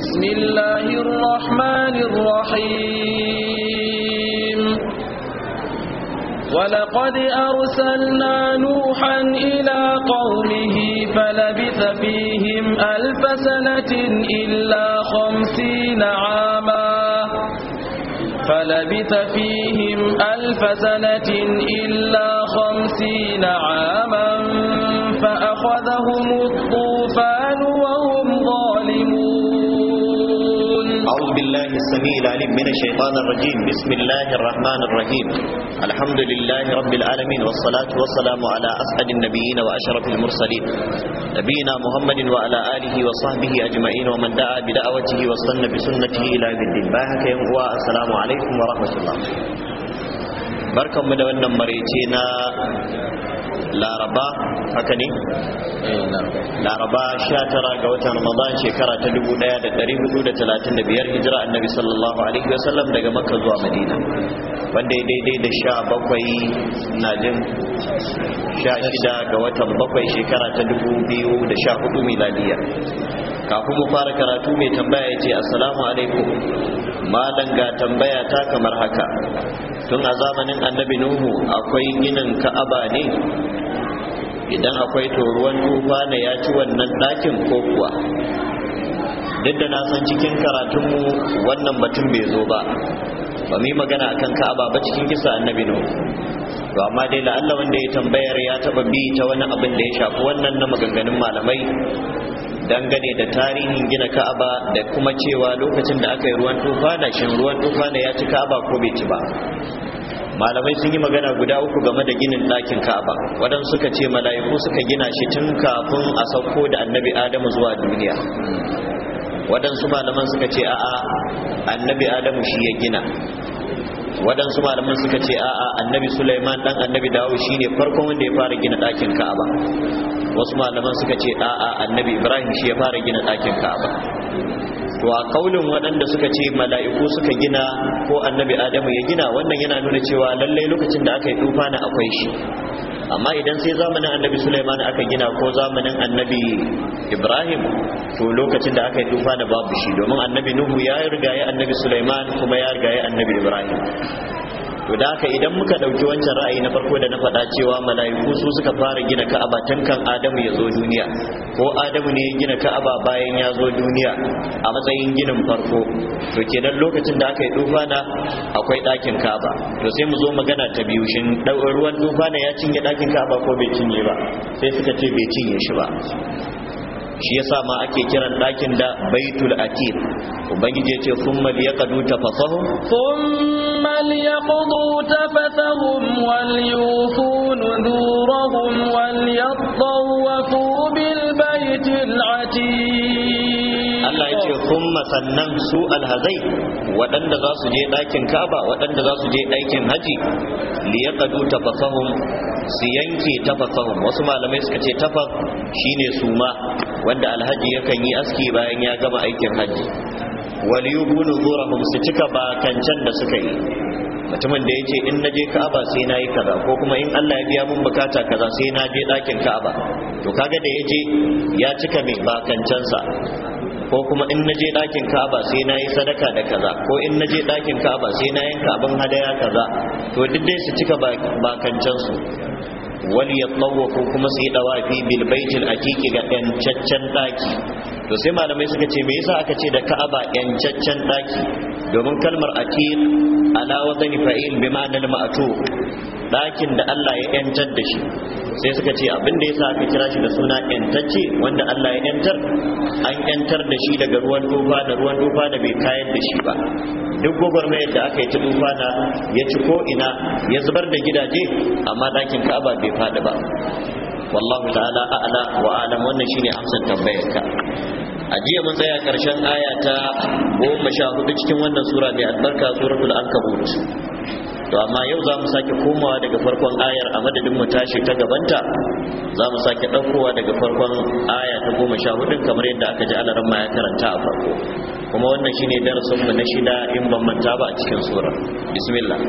بسم الله الرحمن الرحيم ولقد أرسلنا نوحا إلى قومه فلبث فيهم ألف سنة إلا خمسين عاما فلبث فيهم ألف سنة إلا خمسين عاما فأخذهم الطول السميع العليم من الشيطان الرجيم بسم الله الرحمن الرحيم الحمد لله رب العالمين والصلاة والسلام على أسعد النبيين وأشرف المرسلين نبينا محمد وعلى آله وصحبه أجمعين ومن دعا بدعوته واستنى بسنته إلى يوم الدين باهك السلام عليكم ورحمة الله barkanmu da wannan maraice na laraba haka ne eh, laraba sha tara ga watan ramadan shekara ta dubu daya da dari hudu da talatin da biyar hijira annabi sallallahu alaihi wasallam daga makka zuwa madina wanda ya daidai da sha bakwai na jin sha shida ga watan bakwai shekara ta dubu biyu da sha hudu miladiya kafin mu fara karatu mai tambaya ya ce assalamu alaikum malam ga tambaya ta kamar haka tun a zamanin annabi nuhu akwai ginin ka'aba ne idan akwai to ruwan tufa ne ya ci wannan ɗakin ko kuwa duk da na san cikin karatunmu wannan batun bai zo ba ba mu yi magana akan ka'aba ba cikin kisa annabi nuhu to amma dai la'alla wanda ya tambayar ya taba bi ta wani abin da ya shafi wannan na maganganun malamai dangane da tarihin gina ka'aba da kuma cewa lokacin da aka yi ruwan tufana shin ruwan tufana ya ci ka'aba ko bai ci ba malamai sun yi magana guda uku game da ginin ɗakin ka'aba wadanda suka ce mala'iku suka gina shi tun kafin a sauko da annabi adamu zuwa duniya Wadansu malaman suka ce a'a annabi adamu shi ya gina Wadansu malaman suka ce a'a annabi sulaiman ɗan annabi dawo shi ne farkon wanda ya fara gina ɗakin ka'aba wasu malaman suka ce a'a annabi ibrahim shi ya fara gina ɗakin ka'aba to a kaulin waɗanda suka ce mala'iku suka gina ko annabi adamu ya gina wannan yana nuna cewa lallai lokacin da aka yi na akwai shi amma idan sai zamanin annabi Sulaiman aka gina ko zamanin annabi Ibrahim to lokacin da aka yi tufa na babu shi domin annabi Nuhu ya rigaye annabi Sulaiman kuma ya rigaye annabi Ibrahim to da haka idan muka ɗauki wancan ra'ayi na farko da na faɗa cewa mala'iku su suka fara gina ka'aba tun kan adamu ya zo duniya ko adamu ne ya gina ka'aba bayan ya zo duniya a matsayin ginin farko to kenan lokacin da aka yi dufana akwai ɗakin ka'aba to sai mu zo magana ta biyu shin ruwan dufana ya cinye ɗakin ka'aba ko bai cinye ba sai suka ce bai cinye shi ba shi yasa ma ake kiran ɗakin da baitul atiq ubangiji ya ce thumma liyaqadu tafasahu ثم ليقضوا تفثهم وليوفوا نذورهم وليطوفوا بالبيت العتيق Allah ya ce kuma sannan su alhazai waɗanda za su je ɗakin kaba waɗanda za su je ɗakin haji liyaqadu tafasahum su yanke tafasahum wasu malamai suka ce tafas shine suma wanda alhaji yakan yi aski bayan ya gama aikin haji waliyubun zurahum su cika bakancan da suka yi mutumin da yace in naje Ka'aba sai nayi kaza ko kuma in Allah ya biya mun bukata kaza sai na je ɗakin Ka'aba to kaga da je ya cika mai bakancan sa ko kuma in naje ɗakin Ka'aba sai nayi sadaka da kaza ko in naje ɗakin Ka'aba sai na yanka abin hadaya kaza to duk dai su cika bakancan su wal yatawafu kuma su yi dawafi bil baitil aqiqi ga ɗan caccan ɗaki to sai malamai suka ce me yasa aka ce da ka'aba yancaccen daki domin kalmar atiq ala wadani fa'il bi al-ma'tu dakin da Allah ya yantar da shi sai suka ce abin da yasa aka kira shi da suna yantacce wanda Allah ya yantar an yantar da shi daga ruwan tufa da ruwan tufa da bai kayar da shi ba duk mayar da aka yi ta tufa na ya ci ko ina ya zubar da gidaje amma dakin ka'aba bai faɗi ba wallahu ta'ala a'la wa alam wannan shine amsar ka a jiya mun tsaya karshen aya ta goma sha hudu cikin wannan sura mai albarka suratul ankabut to amma yau za mu sake komawa daga farkon ayar a madadin mu tashi ta gabanta za mu sake ɗaukowa daga farkon aya ta goma sha hudun kamar yadda aka ji alaran ma ya karanta a farko kuma wannan shine darasin mu na shida in ban manta ba a cikin sura bismillah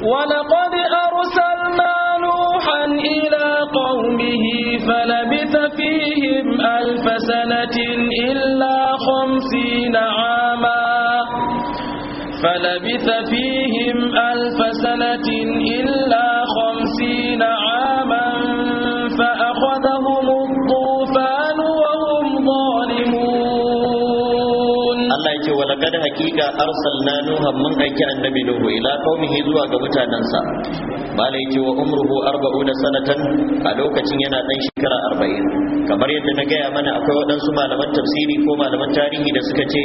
ولقد arsalna نوحا إلى قومه فلبث فيهم ألف سنة إلا خمسين عاما فلبث فيهم ألف سنة إلا arsal arsalna nuha mun aiki annabi nuhu ila qaumihi zuwa ga mutanansa bala yake wa umruhu 40 sanatan a lokacin yana dan shekara arba'in kamar yadda na gaya mana akwai waɗansu malaman tafsiri ko malaman tarihi da suka ce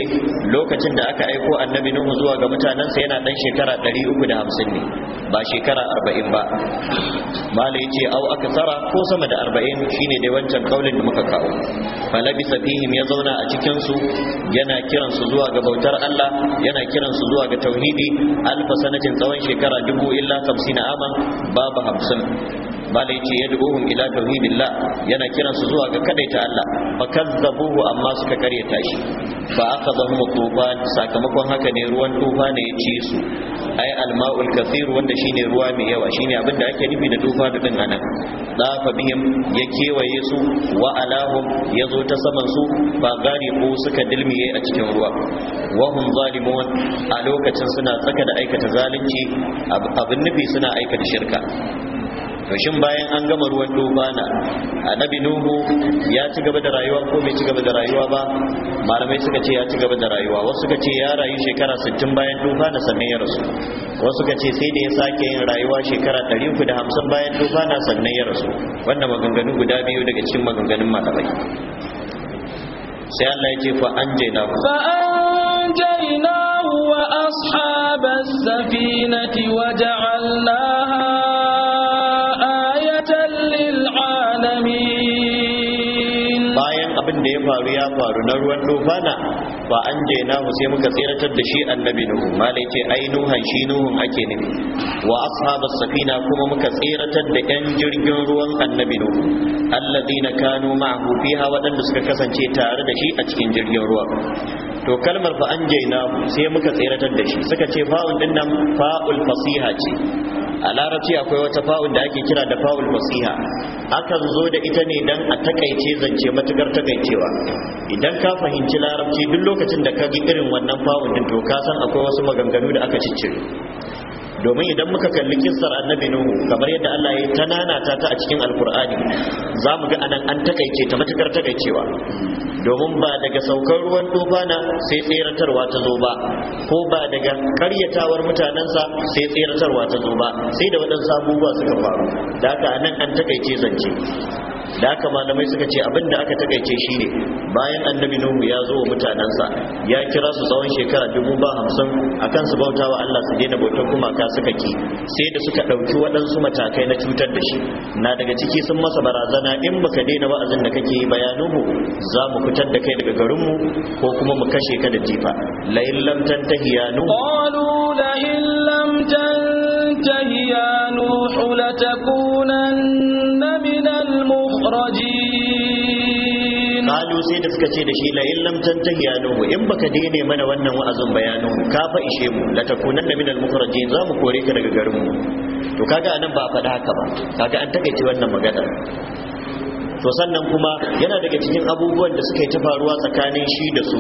lokacin da aka aiko annabi nuhu zuwa ga mutanensa yana ɗan shekara ɗari uku da hamsin ne ba shekara arba'in ba mala ya ce au aka tsara ko sama da arba'in shine dai wancan kaulin da muka kawo Falabi safihim ya zauna a cikinsu yana kiran su zuwa ga bautar allah yana kiran su zuwa ga tauhidi alfa sanatin tsawon shekara dubu illa hamsin aman babu hamsin mala ya ce ya ila tauhidillah yana kiran su zuwa ga ta Allah fa kazzabuhu amma suka karyata shi fa akhadhahum tuban sakamakon haka ne ruwan tufa ne ya ci su ai alma'ul kathir wanda shine ruwa mai yawa shine abin da ake nufi da tufa da din anan fa bihim ya kewaye su wa alahum yazo ta saman su ba gari ko suka dilmiye a cikin ruwa wa hum zalimun a lokacin suna tsaka da aikata zalunci abin nufi suna aikata shirka to shin bayan an gama ruwan dubana annabi nuhu ya ci gaba da rayuwa ko bai ci gaba da rayuwa ba malamai suka ce ya ci gaba da rayuwa wasu suka ce ya rayu shekara 60 bayan dubana sannan ya rasu wasu suka ce sai da ya sake yin rayuwa shekara 350 bayan dubana sannan ya rasu wannan maganganu guda biyu daga cikin maganganun malamai sai Allah ya ce fa anjayna fa anjayna wa ashabas safinati wa ja'alna faru ya faru na ruwan dofana ba an je mu sai muka tsiratar da shi annabi nuhu malai ce ai nuhan shi nuhun ake nufi wa ashabas safina kuma muka tsiratar da yan jirgin ruwan annabi nuhu alladina kanu ma'ahu fiha suka kasance tare da shi a cikin jirgin ruwa to kalmar fa an je mu sai muka tsiratar da shi suka ce fa'ul din nan fa'ul fasiha ce a larabci akwai wata fa'ul da ake kira da fa'ul fasiha akan zo da ita ne dan a takaice zance matukar takaicewa idan ka fahimci larabci duk lokacin da ka ji irin wannan fa'udin to ka san akwai wasu maganganu da aka ciccire domin idan muka kalli kissar annabi nuhu kamar yadda Allah ya tanana ta a cikin alkur'ani za mu ga anan an takaice ta matukar takaicewa domin ba daga saukar ruwan dubana sai tseratarwa ta zo ba ko ba daga karyatawar mutanensa sai tseratarwa ta zo ba sai da waɗansu abubuwa suka faru da haka anan an takaice zance da haka malamai suka ce abin da aka takaice shi ne bayan annabi nuhu ya zo wa mutanensa ya kira su tsawon shekara dubu ba hamsin a kan su bauta wa allah su daina bautar gumaka suka ki sai da suka ɗauki waɗansu matakai na cutar da shi na daga ciki sun masa barazana in baka daina wa'azin da kake yi bayanuhu za mu fitar da kai daga garinmu ko kuma mu kashe ka da jifa la'in lam tantahi ya nuhu qalu la'in lam tantahi ya nuhu sai da suka ce da shi la lam tantahi ya nuhu in baka daina mana wannan wa'azin bayanin ka fa ishe mu la takuna min al mukhrajin za mu kore ka daga garin mu to kaga anan ba faɗa haka ba kaga an takaice wannan magana to sannan kuma yana daga cikin abubuwan da suka yi ta faruwa tsakanin shi da su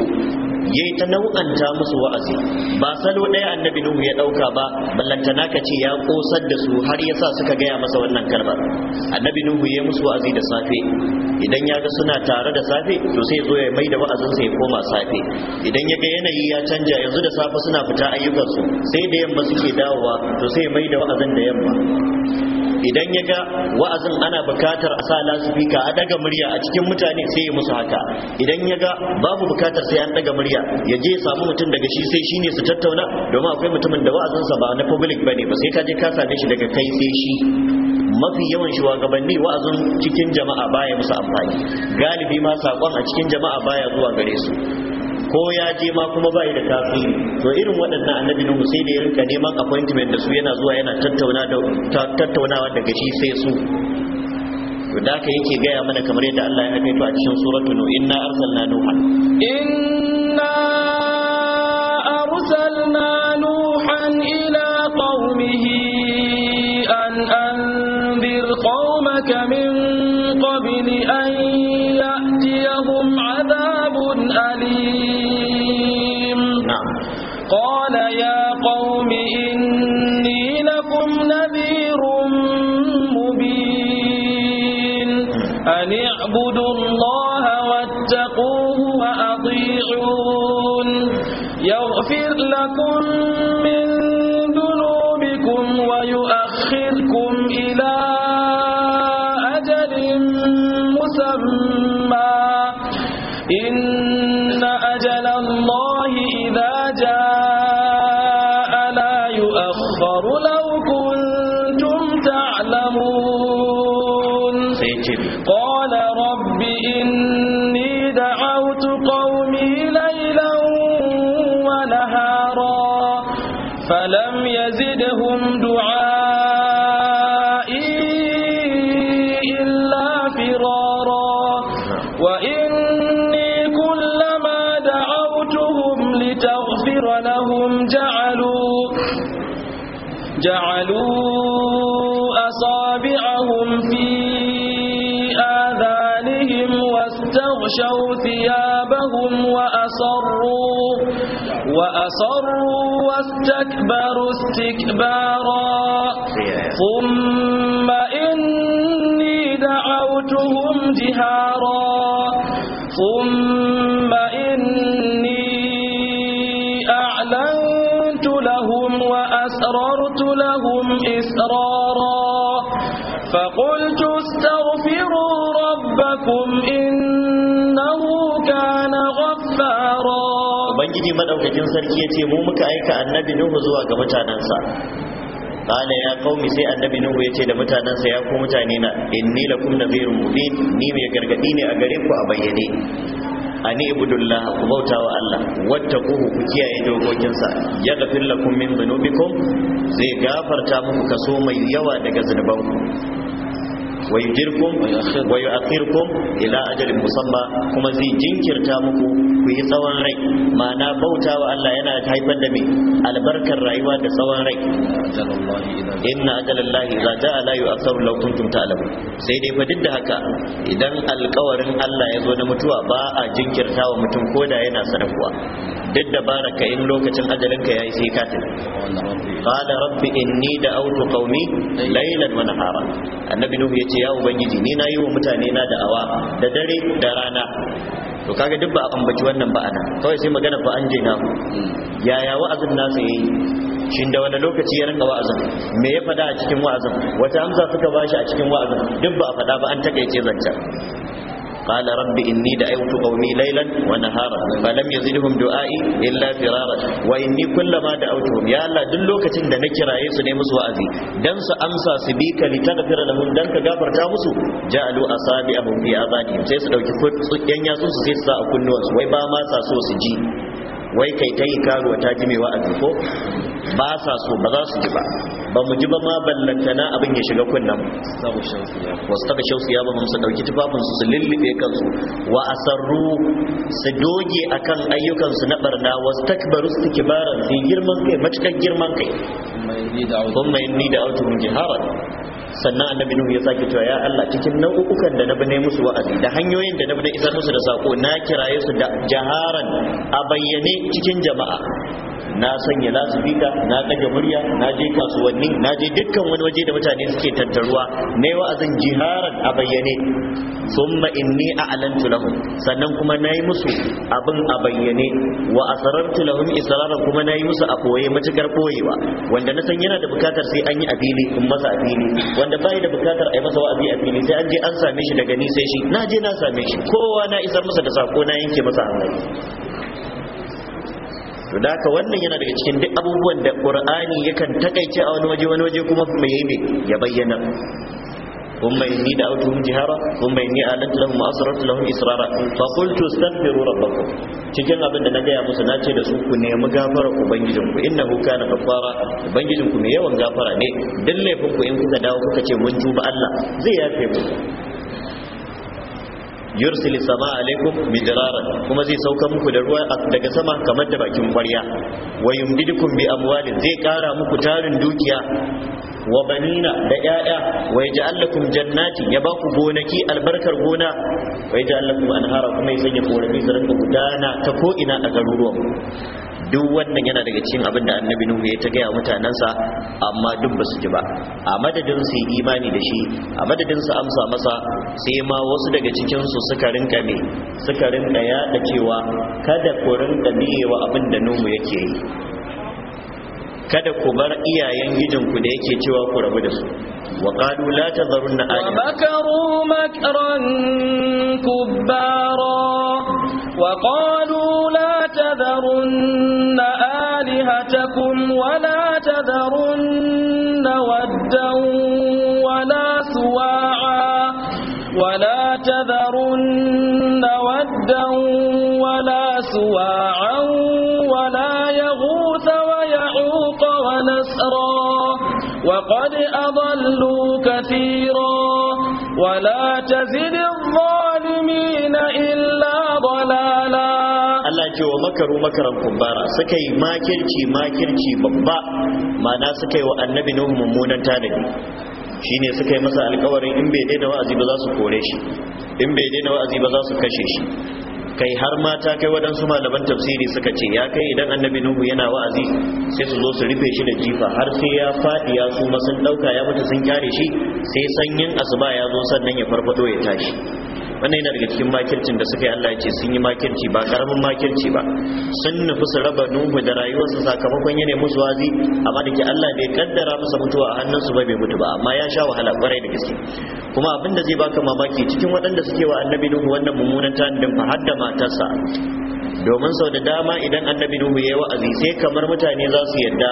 yayi ta nau'anta musu wa'azi ba salo ɗaya annabi nuhu ya ɗauka ba ballantana ka ce ya ƙosar da su har ya sa suka gaya masa wannan kalmar annabi nuhu ya musu wa'azi da safe idan ya ga suna tare da safe to sai zo ya mai da wa'azinsa ya koma safe idan ya ga yanayi ya canja yanzu da safe suna fita ayyukansu sai da yamma suke dawowa to sai mai da wa'azin da yamma idan ya ga wa'azin ana bukatar a sa lasifika a daga murya a cikin mutane sai ya musu haka idan ya ga babu bukatar sai an daga murya ya je ya samu mutum daga shi sai shine su tattauna domin akwai mutumin da wa'azinsa ba na public ne. ba sai ka je ka same shi daga kai sai shi mafi yawan shugabanni wa'azin cikin jama'a baya musu amfani galibi ma sakon a cikin jama'a baya zuwa gare su ko ya je ma kuma bai da tasiri to irin waɗannan annabi nuhu sai da ya rinka neman appointment da su yana zuwa yana tattaunawa daga shi sai su to da haka yake gaya mana kamar yadda Allah ya to a cikin suratu nu inna arsalna nuha inna arsalna ثيابهم وأصروا وأصروا واستكبروا استكبارا ثم إني دعوتهم جهارا ثم إني أعلنت لهم وأسررت لهم إسرارا فقلت استغفروا ربكم إن ubangiji madaukakin sarki ya ce mu muka aika annabi nuhu zuwa ga mutanensa Bala ya kaumi sai annabi nuhu ya ce da mutanensa ya ku mutane na inni lakum nadhirun mubin ni mai gargadi ne a gare ku a bayyane ani ibudullah ku bauta wa Allah wattaquhu ku kiyaye dokokinsa gafir lakum min dhunubikum zai gafarta muku kaso mai yawa daga zunubanku wa yudirkum wa yu'akhirkum ila ajalin musamma kuma zai jinkirta muku ku yi tsawon rai ma'ana bautawa Allah yana haifar da me albarkar rayuwa da tsawon rai inna ajalallahi idza jaa la yu'akhkharu law kuntum ta'lamun sai dai fa duk da haka idan alƙawarin Allah ya zo na mutuwa ba jinkirta wa mutum koda yana sanakuwa duk da baraka in lokacin ajalinka yayi sai ka قال rabbi inni دعوت قومي laylan ونهارا النبي نوح يتي يا ya ubangiji ni nayi wa mutane na da'awa da dare da rana to kaga duk ba a ambaci wannan ba ana kawai sai magana fa an je na yaya wa'azin nasu yi shin da wani lokaci ya rinka wa'azin me ya fada a cikin wa'azin wata amsa suka bashi a cikin wa'azin duk ba a fada ba an takaice zancen qala rabbi inni da'awtu qaumi laylan wa nahara falam yazidhum du'ai illa firara wa inni kullama da ya Yala duk lokacin da na kiraye su ne musu wa'azi dan su amsa su bi ka litaghfira lahum dan ka gafarta musu ja'alu asabi'ahum fi azanihim sai su ɗauki kutsuyen yasu su sai su sa a kunnuwansu wai ba ma sa so su ji wai kai ta yi karuwa ta ji mai wa'azi ko ba sa so ba za su ji ba ba mu ji ba ma ballantana abin ya shiga kunnan wasu taka shausu ya ba mu su ɗauki tufafinsu su lullube kansu wa asarru su doge a kan ayyukansu na barna wasu takbaru su kibaran su girman kai matuƙar girman kai kuma inni da autu mun jiharar sannan annabi nuhu ya sake cewa ya Allah cikin nau'ukan da na bane musu wa'azi da hanyoyin da na bane isar musu da sako na kiraye su da jaharan a bayyane cikin jama'a na sanya lasifika na kaje murya na je kasuwanni na je dukkan wani waje da mutane suke tattaruwa na yi wa'azin jiharan a bayyane summa inni a'lantu lahum sannan kuma nayi musu abin a bayyane wa asrartu lahum israran kuma nayi musu a koye matukar koyewa? wanda na san yana da bukatar sai an yi a fili in masa a fili wanda bai da bukatar a yi masa wa'azi a fili sai an je an same shi daga ni sai shi na je na same shi kowa na isar masa da sako na yanke masa hankali to da haka wannan yana daga cikin duk abubuwan da qur'ani yakan takaice a wani waje wani waje kuma mai yayi ya bayyana ثم jihara, دعوتهم جهارا ثم alat lahum asrat lahum israra fa qultu astaghfiru rabbakum cikin abin da na gaya musu na ce da su ku nemi gafara ubangijinku innahu kana gafara ubangijinku mai yawan gafara ne dalle laifin ku in kuka dawo kuka ce mun tuba Allah zai yafe muku yursil sama alaikum midrara kuma zai sauka muku da ruwa daga sama kamar da bakin ƙwarya wa yumdidukum bi amwali zai kara muku tarin dukiya wa banina da 'ya'ya wa yaj'al lakum jannati ya ba ku gonaki albarkar gona wa yaj'al lakum anhara kuma ya sanya korami da rinka gudana ta ko ina a garuruwan duk wannan yana daga cikin abin da annabi nuhu ya ta gaya mutanensa amma duk ba su ji ba a madadin su imani da shi a madadin su amsa masa sai ma wasu daga cikin su suka rinka me suka rinka da cewa kada ku rinka biyewa abin da nuhu yake yi kada ku bar iyayen gijinku da yake cewa ku rabu da su wa qalu la tadharunna alihatakum wa makaru makran kubara wa qalu la تذرن ودا ولا سواعا ولا تذرن ودا ولا سواعا ولا يغوث ويعوق ونسرا وقد أضلوا كثيرا ولا تزد ce wa makaru makaran kubara suka yi makirci makirci babba ma'ana suka yi wa annabi nuhu mummunan tanadi shine suka yi masa alkawarin in bai daina wa'azi ba za su kore shi in bai daina wa'azi ba za su kashe shi kai har mata kai waɗansu malaman tafsiri suka ce ya kai idan annabi nuhu yana wa'azi sai su zo su rufe shi da jifa har sai ya faɗi ya su sun ɗauka ya mutu sun kyare shi sai sanyin asuba ya zo sannan ya farfado ya tashi wannan yana daga cikin makircin da suka yi Allah ya ce sun yi makirci ba karamin makirci ba sun nufi su raba nuhu da rayuwarsa sakamakon yana musu wazi amma da ke Allah bai kaddara masa mutuwa a hannunsu ba bai mutu ba amma ya sha wahala kwarai da gaske kuma abin da zai baka mamaki cikin waɗanda suke wa annabi nuhu wannan mummunan tanadin fa hadda matarsa domin sau da dama idan annabi nuhu ya yi wa'azi sai kamar mutane za su yarda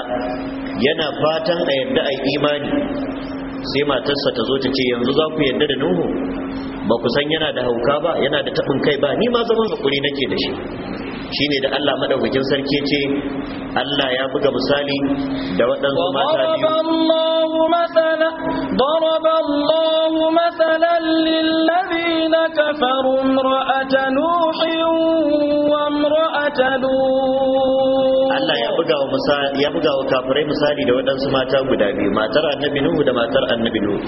yana fatan a yarda a yi imani sai matarsa ta zo ta ce yanzu za ku yarda da nuhu ba ku san yana da hauka ba yana da tabin kai ba ni ma zaman hakuri nake da shi shine da Allah madaukakin sarki ce Allah ya buga misali da waɗansu mata biyu Allahu masala daraba Allahu masalan lil ladina kafaru imra'at nuhin wa imra'at Allah ya buga misali ya buga wa kafirai misali da waɗansu mata guda biyu matar annabi Nuhu da matar annabi Nuhu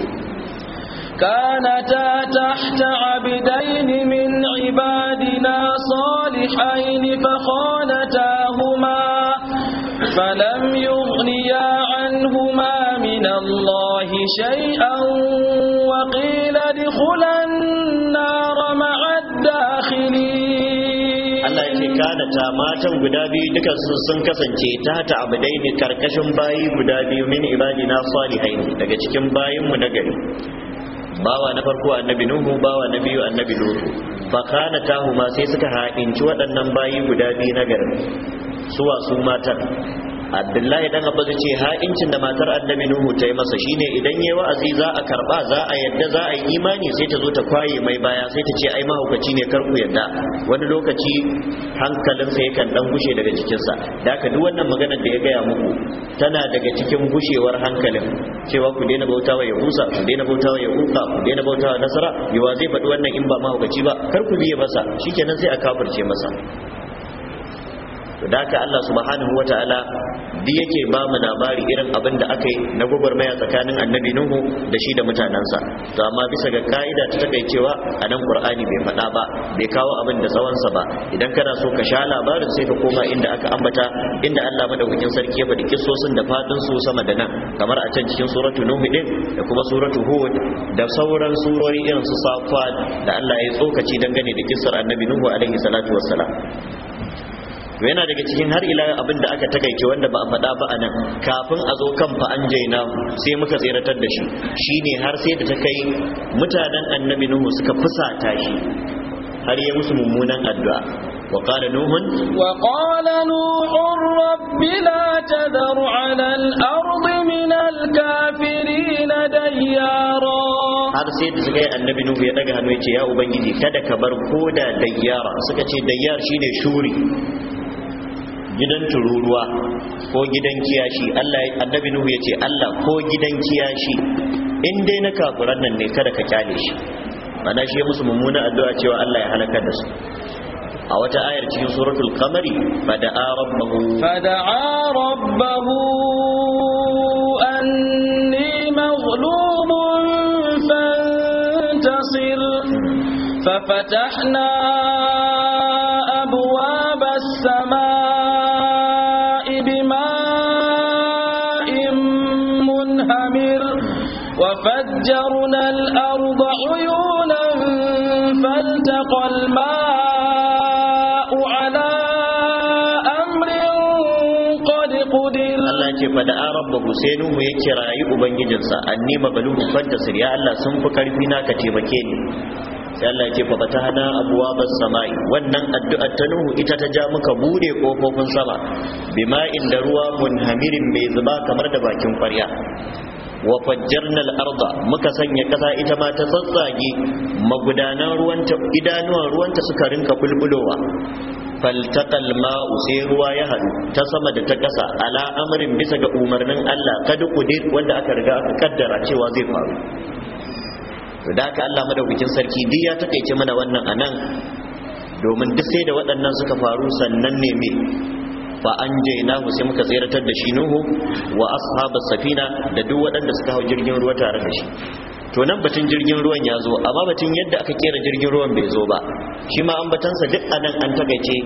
كانتا تحت عبدين من عبادنا صالحين فخانتاهما فلم يغنيا عنهما من الله شيئا وقيل ادخلا النار مع الداخلين Allah ce kanata matan guda biyu dukan su sun kasance ta ta abudai ne karkashin bayi guda biyu min ibadina daga cikin bayinmu na gari bawa na farko annabi nuhu bawa na biyu annabi lutu fa kana tahuma sai suka ha'inci waɗannan bayi guda biyu na garin suwa su matan abdullahi dan abbas ce ha'incin da matar annabi nuhu ta yi masa shine idan yayi wa'azi za a karba za a yadda za a yi imani sai ta zo ta kwaye mai baya sai ta ce ai mahaukaci ne kar ku yadda wani lokaci hankalinsa yakan dan gushe daga sa da haka duk wannan maganar da ya gaya muku tana daga cikin gushewar hankalin cewa ku daina bautawa yahusa ku daina bautawa yahuka ku daina bautawa nasara yawa zai faɗi wannan in ba mahaukaci ba kar ku biye masa shikenan sai a kafirce masa da haka Allah subhanahu ta'ala biyu yake ba mu labari irin abin da aka yi na gubar gwagwarmaya tsakanin annabi Nuhu da shi da mutanansa, to amma bisa ga ka'ida ta takaicewa a nan Qur'ani bai faɗa ba bai kawo abin da tsawon sa ba idan kana so ka sha labarin sai ka koma inda aka ambata inda Allah madaukakin sarki ya faɗi kissosin da fadin su sama da nan kamar a can cikin suratu Nuhu din da kuma suratu Hud da sauran surori irin su Safat da Allah ya tsokaci dangane da kissar annabi Nuhu alaihi salatu wassalam to yana daga cikin har ila abin da aka takaice wanda ba a faɗa ba a nan kafin a zo kan fa an jaina sai muka tseratar da shi shine har sai da ta kai mutanen annabi nuhu suka fusata shi har ya musu mummunan addu'a وقال نوح وقال نوح رب لا تذر على الأرض من الكافرين ديارا har sai da suka yi annabi nuhu ya daga hannu ya ce ya ubangiji kada ka bar koda dayyara suka ce dayyar shine shuri gidan tururuwa ko gidan kiyashi Allah annabi Nuhu yace Allah ko gidan kiyashi in dai na kafuran nan ne kada ka kyale shi mana shi musu mummuna addu'a cewa Allah ya halaka da su a wata ayar cikin suratul qamari fada'a rabbahu fada'a rabbahu anni maghlubun fantasir fatahna. rabbuhu sai nuhu ya kirayi ubangijinsa anni mabaluhu fantasir ya Allah sun fi karfi na ka taimake ni sai Allah ya ce fa abuwa abwabas samai wannan addu'ar ta nuhu ita ta ja muka bude kofofin sama bima inda ruwa mun munhamirin mai zuba kamar da bakin kwarya wa fajjarna al-arda muka sanya kasa ita ma ta tsatsage magudanan ta idanuwan ruwanta suka rinka bulbulowa faltaqal ma'u sai ruwa ya hadu ta sama da ta kasa ala amrin bisa ga umarnin Allah kad qudir wanda aka riga aka kaddara cewa zai faru to da haka Allah madaukakin sarki duk ya takeice mana wannan anan domin duk sai da waɗannan suka faru sannan ne me fa an jainahu sai muka tseratar da shi nuhu wa ashabas safina da duk waɗanda suka hau jirgin ruwa tare da shi to nan batun jirgin ruwan ya zo amma batun yadda aka kera jirgin ruwan bai zo ba shi ma batansa duk nan an takaice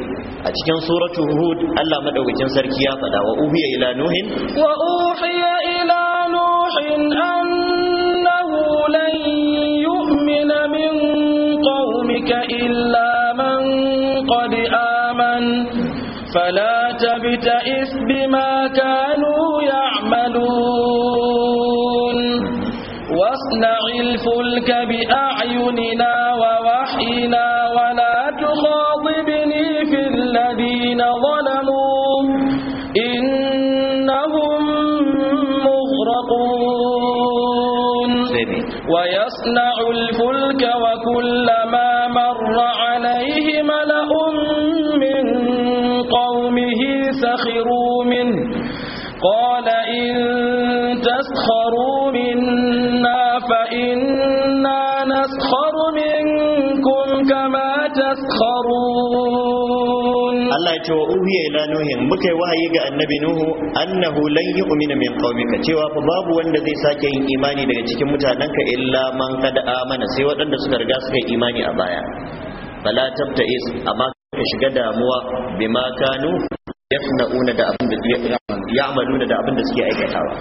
a cikin suratu hud Allah madaukakin sarki ya faɗa wa uhiya ila nuhin wa uhiya ila nuhin annahu lan yu'mina min qaumika illa man qad aman fala tabta'is bima kanu وَاصْنَعِ الفلك بأعيننا ce wa uhiya ila nuhin muka yi wahayi ga annabi nuhu annahu lan yu'mina min qaumika cewa fa babu wanda zai sake yin imani daga cikin mutanenka illa man kad amana sai waɗanda suka riga suka yi imani a baya tabta is amma ka shiga damuwa bima kanu yasna'una da abin da ya'maluna da abin da suke aikatawa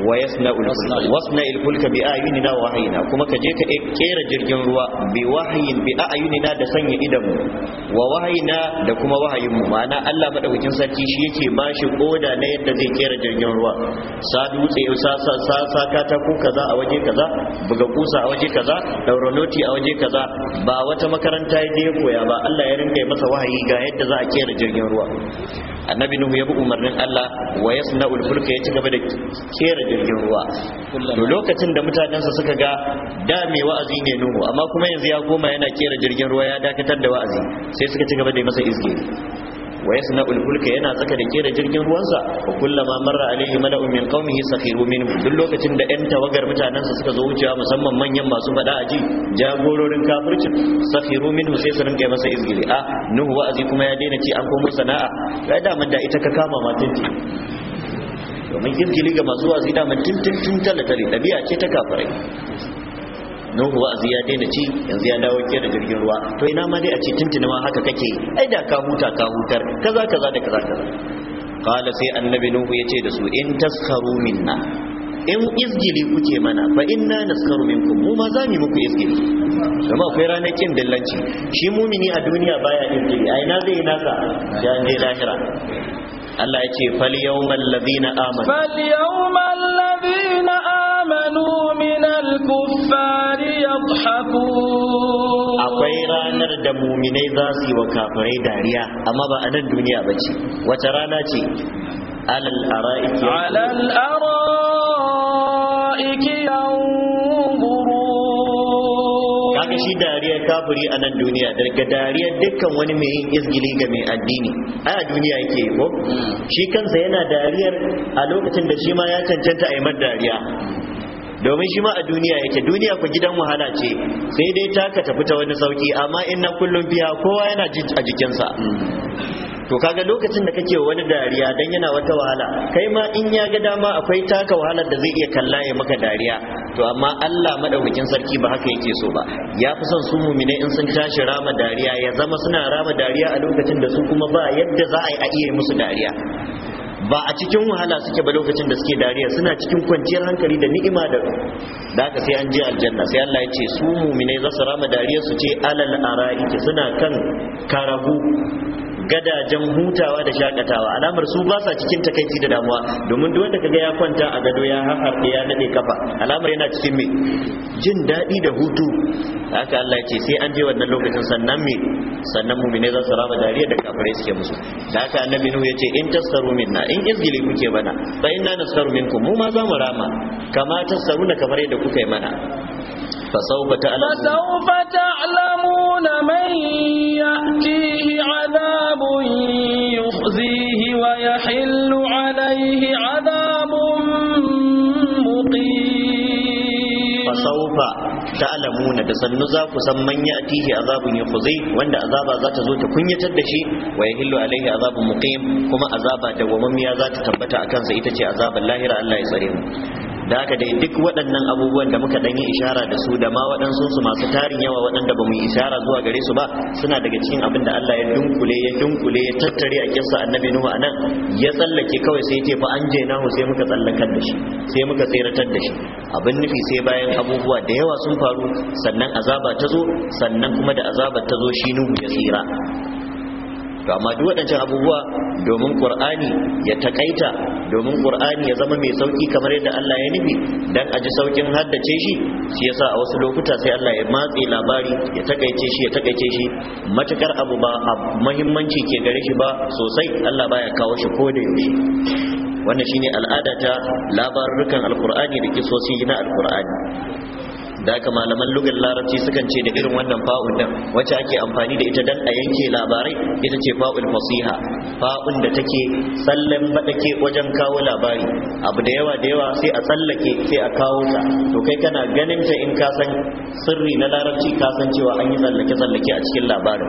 wa yasna'ul wasna'il bi ayunina wa hayina kuma ka je ka e, kera jirgin ruwa bi wahayin bi ayunina da sanya idan mu wa wahayina da kuma wahayin mu ma'ana Allah madaukakin sarki shi yake ba shi koda na yadda zai kera jirgin ruwa sa dutse sa sa sa katako kaza a waje kaza buga kusa a waje kaza daura a waje kaza ba wata makaranta ya je koya ba Allah ya rinka masa wahayi ga yadda za a kera jirgin ruwa annabi nuhu ya bi umarnin Allah wa yasna'ul fulka ya ci gaba da kera jirgin ruwa to lokacin da mutanensa suka ga da me wa'azi ne nuhu amma kuma yanzu ya koma yana kera jirgin ruwa ya dakatar da wa'azi sai suka ci gaba da masa izgiri wa yasna'ul fulka yana tsaka da kera jirgin ruwansa wa kullama marra alaihi mala'un min qaumihi sakhiru min duk lokacin da yan tawagar mutanen sa suka zo wucewa musamman manyan masu fada aji jagororin kafirci sakhiru min sai su rinka masa izgili a nuhu wa'azi kuma ya daina ci an komo sana'a ya damar da ita ka kama matanki domin izgili ga masu wa'azi damar tun tun tun tale tale ɗabi'a ce ta kafirai nuhu wa'azi ya daina ci yanzu ya dawo ke da jirgin ruwa to ina ma dai a ce tuntuni ma haka kake ai da ka huta ka hutar kaza kaza da kaza kaza qala sai annabi nuhu yace da su in taskharu minna in izgili kuke mana fa inna naskaru minkum mu ma za muku izgili kuma akwai ranar kin dillanci shi mumini a duniya baya izgili ai na zai nasa ya ne lahira Allah ya ce fal yawmal ladina amanu fal yawmal ladina amanu min al kuffari yadhhaku akwai ranar da muminai za su yi wa kafirai dariya amma ba a nan duniya bace wata rana ce على الأرائك على shi dariya kafiri a nan duniya daga dariya dukkan wani mai yin izgili ga mai addini ai a duniya yake ko mm. shi kansa yana dariyar a lokacin da shi ma ya cancanta a yi dariya domin shi ma a duniya yake duniya ku gidan wahala ce sai dai taka tafi ta wani sauki amma in na kullum biya kowa yana a jikinsa mm. to kaga lokacin da kake wani dariya dan yana wata wahala kai ma in ya ga dama akwai taka wahalar da zai iya kalla ya maka dariya to amma Allah madaukakin sarki ba haka yake so ba ya fi son su mumine in sun tashi rama dariya ya zama suna rama dariya a lokacin da su kuma ba yadda za a yi a iya musu dariya ba a cikin wahala suke ba lokacin da suke dariya suna cikin kwanciyar hankali da ni'ima da da ka sai an je aljanna sai Allah ya ce su mumine za su rama dariya su ce alal ara'iki suna kan karabu gadajen hutawa da shakatawa alamar su ba sa cikin takaici da damuwa domin duk wanda kaga ya kwanta a gado ya harɗe ya nade kafa alamar yana cikin me jin daɗi da hutu haka Allah ya ce sai an je wannan lokacin sannan me sannan mu'mine za su raba dariya da kafirai suke musu da haka annabi nuhu ya ce in tasaru minna in izgili kuke bana fa inna nasaru minkum mu ma za mu rama kama tasaru na kamar yadda kuka yi mana فسوف تعلمون من يأتيه عذاب يخزيه ويحل عليه عذاب مقيم فسوف تعلمون تسن نزاق سمن يأتيه عذاب يخزيه وان عذاب ذات زوت كن يتدشي ويحل عليه عذاب مقيم كما عذاب دوم ميا ذات تبتع كان سيتجي عذاب الله رأى الله يسريم da haka dai duk waɗannan abubuwan da muka ɗanyi ishara da su da ma waɗansu su masu tarin yawa waɗanda ba mu yi ishara zuwa gare su ba suna daga cikin abin da Allah ya dunkule ya dunkule ya tattare a kinsa annabi Nuhu a nan. ya tsallake kawai sai ce fa an je nahu sai muka tsallakar da shi sai muka tseratar da shi abin nufi sai bayan abubuwa da yawa sun faru sannan azaba ta zo sannan kuma da azabar ta zo shi Nuhu ya tsira to amma duk waɗancan abubuwa domin qur'ani ya takaita domin qur'ani ya zama mai sauki kamar yadda Allah ya nufi dan a ji saukin haddace shi shi yasa a wasu lokuta sai Allah ya matse labari ya takaice shi ya takaice shi matakar abu ba muhimmanci ke gare shi ba sosai Allah baya kawo shi ko da yaushe wannan shine al'ada ta labarurrukan alqur'ani da kisosi na alqur'ani da haka malaman lugar larabci sukan ce da irin wannan fa'un din wacce ake amfani da ita dan a yanke labarai ita ce fa'ul fasiha fa'un da take sallan badake wajen kawo labari abu da yawa da yawa sai a tsallake sai a kawo ta to kai kana ganin ta in ka san sirri na larabci ka san cewa an yi tsallake tsallake a cikin labarin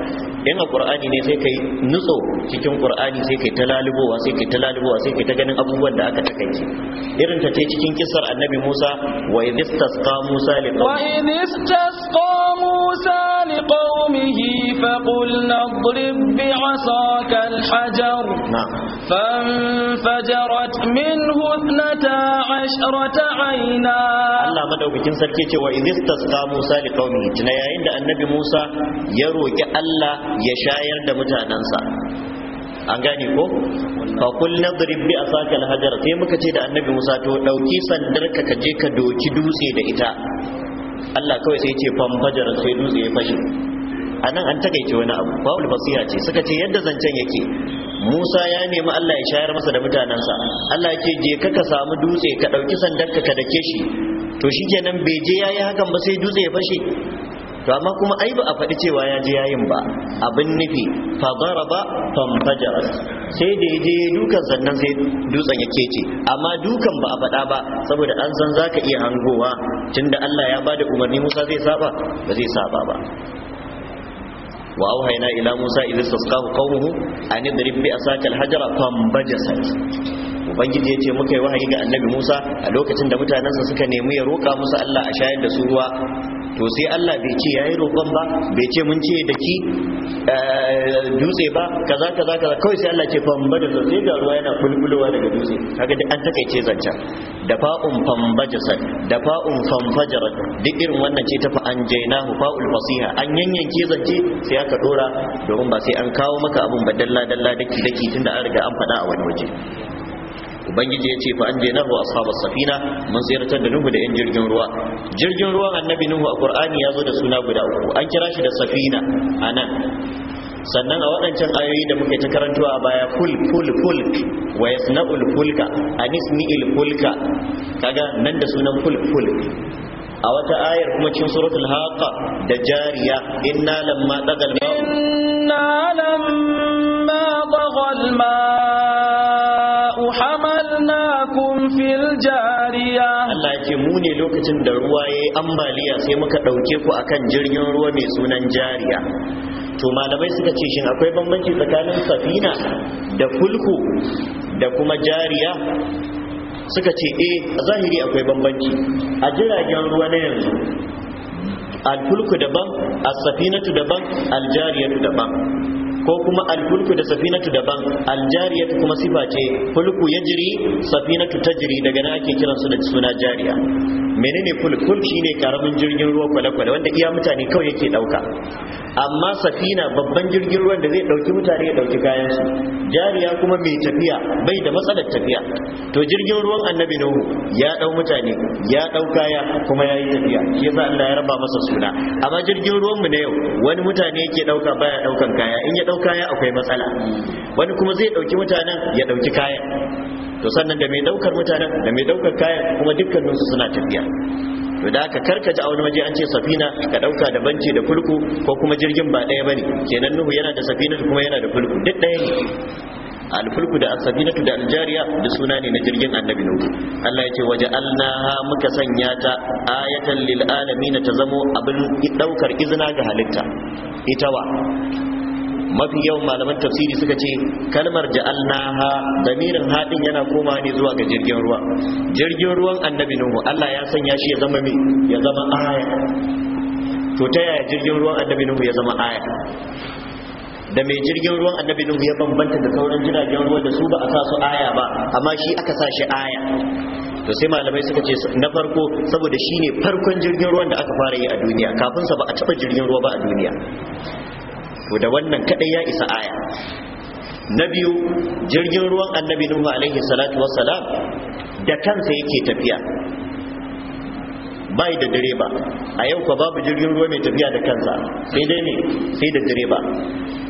in a qur'ani ne sai kai nutso cikin qur'ani sai kai ta sai kai ta sai kai ta ganin abubuwan da aka takaice irin ta ce cikin kissar annabi Musa wa idh Musa li وإذ استسقى موسى لقومه فقلنا اضرب بعصاك الحجر فانفجرت منه اثنتا عشرة عينا Allah madaukakin sarki ce wa idistasqa Musa li qaumi tuna yayin da annabi Musa ya roki Allah ya shayar da mutanansa an gane ko fa kul nadrib bi asaka al-hajar sai muka ce da annabi Musa to dauki sandar ka kaje ka doki dutse da ita Allah kawai sai ce famfajar sai dutse ya fashe a an takaice wani abu bawul basira ce suka ce yadda zancen yake musa ya nemi allah ya shayar masa da mutanensa allah ya ce je ka ka samu dutse ka ɗauki sandarka ka dake shi to shikenan bai je ya yi hakan ba sai dutse ya fashe to amma kuma ai ba a faɗi cewa ya je yayin ba abin nufi fa daraba famfajarat sai da ya je dukan sannan sai dutsen ya kece amma dukan ba a faɗa ba saboda an san zaka iya hangowa tunda Allah ya bada umarni Musa zai saba ba zai saba ba wa auhayna ila Musa idza istasqahu qawmuhu an idrib bi asaka hajara fambajasat ubangiji ya muka yi wahayi ga annabi musa a lokacin da mutanensa suka nemi ya roƙa musu allah a shayar da su ruwa to sai Allah bai ce yayi roƙon ba bai ce mun ce da ki eh, dutse ba kaza kaza kaza kawai sai Allah ce bada sai ga ruwa yana bulbulowa daga dutse kaga duk an takaice zancen da fa'un fambajasa da fa'un fambajara duk irin wannan ce ta fa an fa'ul fasiha an yanyanke zance sai aka dora domin ba sai an kawo maka abun ba dalla dalla daki daki tunda an riga an faɗa a wani waje ubangiji ya ce fa an jaina hu ashabas safina mun ziyartar da nuhu da yan jirgin ruwa jirgin ruwan annabi nuhu a qur'ani ya zo da suna guda uku an kira shi da safina anan sannan a waɗancan ayoyi da muke ta karantawa a baya kul kul kul wa yasna'ul fulka anismi'il Kulka, kaga nan da sunan kul Kul, a wata ayar kuma cikin suratul haqa da jariya inna lamma dagal ma inna lamma dagal ma jariya Allah yake mu ne lokacin da ruwa ya yi ambaliya sai muka dauke ku akan jirgin ruwa mai sunan jariya to malamai suka ce shin akwai bambanci tsakanin safina da kulku da kuma jariya suka ce eh zahiri akwai bambanci a jiragen ruwa na yanzu al kulku daban as-safinatu daban al jariyatu daban ko kuma alfulku da safinatu daban aljariyatu kuma sifa ce fulku yajri safinatu jiri daga nan ake kiran su da suna jariya menene fulk shi shine karamin jirgin ruwa kwale-kwale wanda iya mutane kawai yake dauka amma safina babban jirgin ruwan da zai dauki mutane ya dauki kayan su jariya kuma mai tafiya bai da matsalar tafiya to jirgin ruwan annabi nuhu ya dau mutane ya ɗau kaya kuma ya yi tafiya shi yasa Allah ya raba masa suna amma jirgin ruwan mu na yau wani mutane yake dauka baya daukan kaya in ya ɗau kaya akwai matsala wani kuma zai ɗauki mutanen ya ɗauki kayan to sannan da mai ɗaukar mutanen da mai ɗaukar kayan kuma dukkaninsu suna tafiya to da aka karkace a wani waje an ce safina ka dauka da banci da fulku ko kuma jirgin ba daya bane kenan nuhu yana da safina kuma yana da fulku duk daya ne alfulku da asafinatu da aljariya da suna ne na jirgin annabi nuhu Allah ya ce waje alnaha muka sanya ta ayatan lil alamin ta zamo abin daukar izina ga halitta ita wa mafi yawan malaman tafsiri suka ce kalmar ha damirin hadin yana koma ne zuwa ga jirgin ruwa jirgin ruwan annabi nuhu Allah ya sanya shi ya zama me ya zama aya to ta yaya jirgin ruwan annabi nuhu ya zama aya da mai jirgin ruwan annabi nuhu ya bambanta da sauran jiragen ruwa da su ba a sa su aya ba amma shi aka sa shi aya to sai malamai suka ce na farko saboda shine farkon jirgin ruwan da aka fara yi a duniya kafin sa ba a taba jirgin ruwa ba a duniya to da wannan kadai ya isa aya na biyu jirgin ruwan annabi nuhu alaihi salatu wassalam da kansa yake tafiya bai da direba a yau kwa babu jirgin ruwa mai tafiya da kansa sai dai ne sai da direba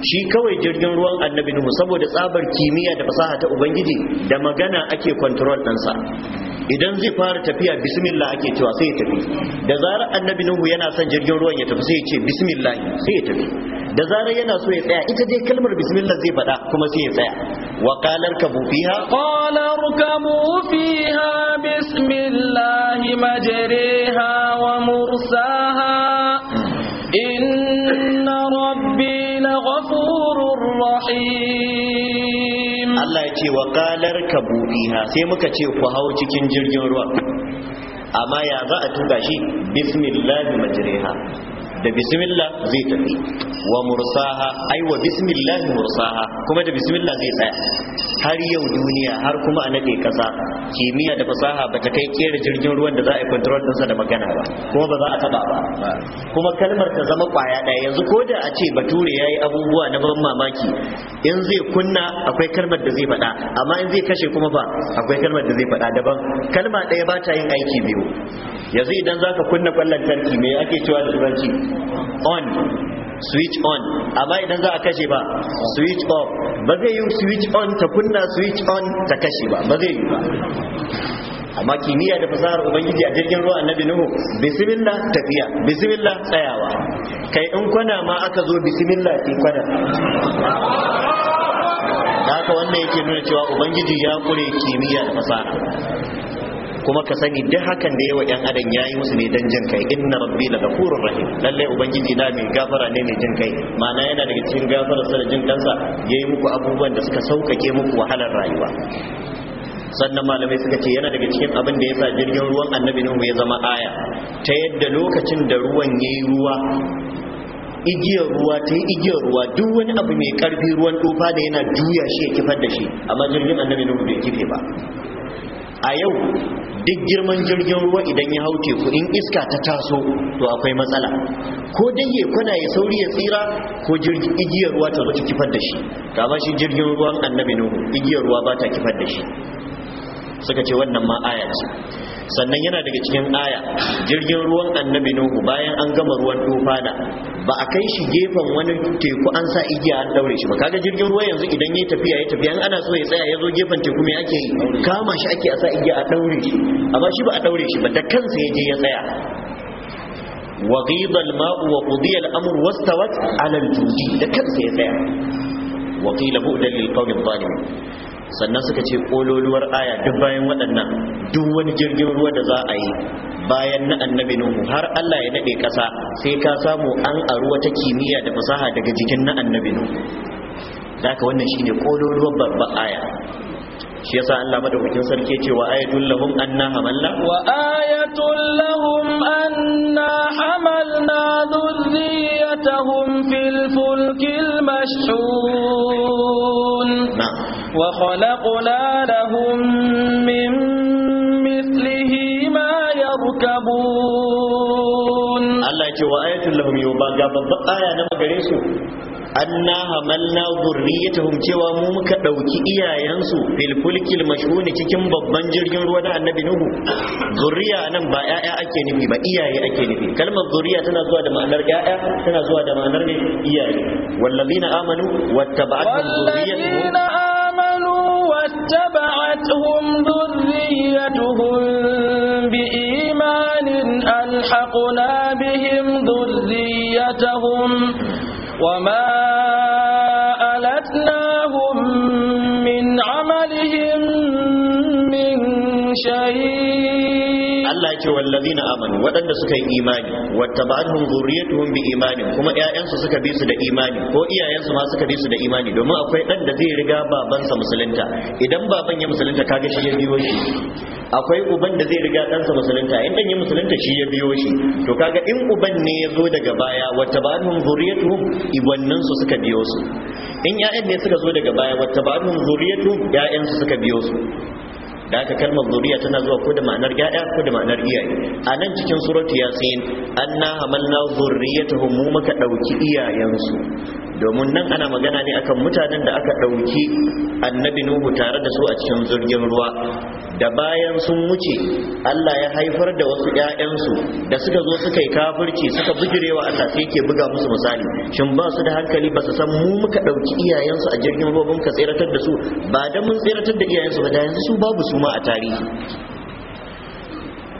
shi kawai jirgin ruwan annabi nuhu saboda tsabar kimiyya da fasaha ta ubangiji da magana ake control ɗansa idan zai fara tafiya bismillah ake cewa sai ya tafi da zarar annabi nuhu yana son jirgin ruwan ya tafi sai ya ce bismillah sai ya tafi da zarar yana so ya tsaya ita dai kalmar bismillah zai faɗa kuma sai ya tsaya wa qalar kabu fiha qalar kabu fiha majriha wa mursaha inna rabbi laghafurur rahim Allah ya ce wa qalar kabu fiha sai muka ce ku hau cikin jirgin ruwa amma ya za a tuka shi bismillahi majriha da bismillah zai tafi wa mursaha ai wa bismillah mursaha kuma da bismillah zai tsaya har yau duniya har kuma a nade kasa kimiyya da fasaha bata kai kera jirgin ruwan da za a yi control ɗinsa da magana ba kuma ba za a taba ba kuma kalmar ta zama kwaya ɗaya yanzu ko da a ce bature ya yi abubuwa na ban mamaki in zai kunna akwai kalmar da zai faɗa amma in zai kashe kuma ba akwai kalmar da zai faɗa daban kalma ɗaya ba ta yin aiki biyu yanzu idan za ka kunna ƙwallon tarki me ake cewa da turanci on switch on amma idan za a kashe ba switch off ba zai yi switch on ta kunna switch on ta kashe ba ba zai yi ba amma kimiyya da fasahar ubangiji a jirgin ruwa annabi nuhu bismillah tafiya bismillah tsayawa kai in kwana ma aka zo bismillah ki kwana haka wannan yake nuna cewa ubangiji ya kure kimiyya da fasaha kuma ka sani duk hakan da yawa yan adam yi musu ne dan jin kai inna rabbi la ghafurur rahim lalle ubangiji na mai gafara ne mai jin kai ma'ana yana daga cikin gafara sa da jin kansa yayi muku abubuwan da suka saukake muku wahalar rayuwa sannan malamai suka ce yana daga cikin abin da ya jirgin ruwan annabi nuhu ya zama aya ta yadda lokacin da ruwan yayi ruwa igiyar ruwa ta yi igiyar ruwa duk wani abu mai karfi ruwan tofa da yana juya shi ya kifar da shi amma jirgin annabi nuhu bai kife ba a yau duk girman jirgin ruwa idan ya hau teku in iska ta taso to akwai matsala ko dai ya kwana ya sauri ya tsira ko igiyar ruwa ta zo kifar da shi ba shi jirgin ruwan annabi nuhu igiyar ruwa ba ta kifar da shi suka ce wannan ma aya sannan yana daga cikin aya jirgin ruwan annabi nuhu bayan an gama ruwan tufana ba a kai shi gefen wani teku an sa igiya an daure shi ba kaga jirgin ruwa yanzu idan ya tafiya ya tafiya ana so ya tsaya ya zo gefen teku me ake yi kama shi ake a sa igiya a daure shi amma shi ba a daure shi ba da kansa ya je ya tsaya 'ala al وقضي da kansa ya tsaya wa qila bu'dan lil بؤدا للقوم الظالمين sannan suka ce kololuwar aya duk bayan waɗannan duk wani jirgin ruwa da za a yi bayan na annabi nuhu har Allah ya nade ƙasa sai ka samu an aru wata kimiyya da fasaha daga jikin na annabi nuhu daga wannan ne kololuwar babban aya shi yasa Allah madaukakin sarki ce wa ayatul lahum anna hamalna wa ayatul lahum anna hamalna dhurriyatahum fil fulkil mashhur وخلقنا لهم من مثله ما يركبون الله يجي وآية لهم يوبا قابل آية نما قريسو أنا حملنا ذريتهم جوا مومك دوكي إيا ينسو في الفلك المشهون تكم ببن جرين روانا النبي نوه ذرية أنا با آية أكي نبي با إيا أكي نبي كلمة ذرية تنزوها دم أنر آية تنزوها دم أنر إيا والذين آمنوا واتبعتهم ذريتهم واتبعتهم ذريتهم بإيمان ألحقنا بهم ذريتهم وما ألتناهم من عملهم من شيء ce wallazina amanu waɗanda suka yi imani wattaba'atuhum dhurriyyatuhum bi imanin kuma ƴaƴansu suka bi su da imani ko iyayensu ma suka bi su da imani domin akwai ɗan da zai riga babansa musulunta idan baban ya musulunta kaga shi ya biyo shi akwai uban da zai riga ɗansa musulunta in ɗan ya musulunta shi ya biyo shi to kaga in uban ne ya zo daga baya wattaba'atuhum dhurriyyatuhum ibannin su suka biyo su in ya'yan ne suka zo daga baya wattaba'atuhum yayan su suka biyo su da aka kalmar zuriya tana zuwa ko da ma'anar ƴaƴa ko da ma'anar iyaye a nan cikin suratu yasin anna hamalna zurriyatahum mu muka dauki iyayensu domin nan ana magana ne akan mutanen da aka dauki annabi nuhu tare da su a cikin jirgin ruwa da bayan sun wuce Allah ya haifar da wasu ƴaƴansu da suka zo suka yi kafirci suka bijirewa Allah sai yake buga musu misali shin ba su da hankali ba su san mu muka ɗauki iyayensu a jirgin ruwa muka ka tseratar da su ba da mun tseratar da iyayensu ba da yanzu su babu su ma a tarihi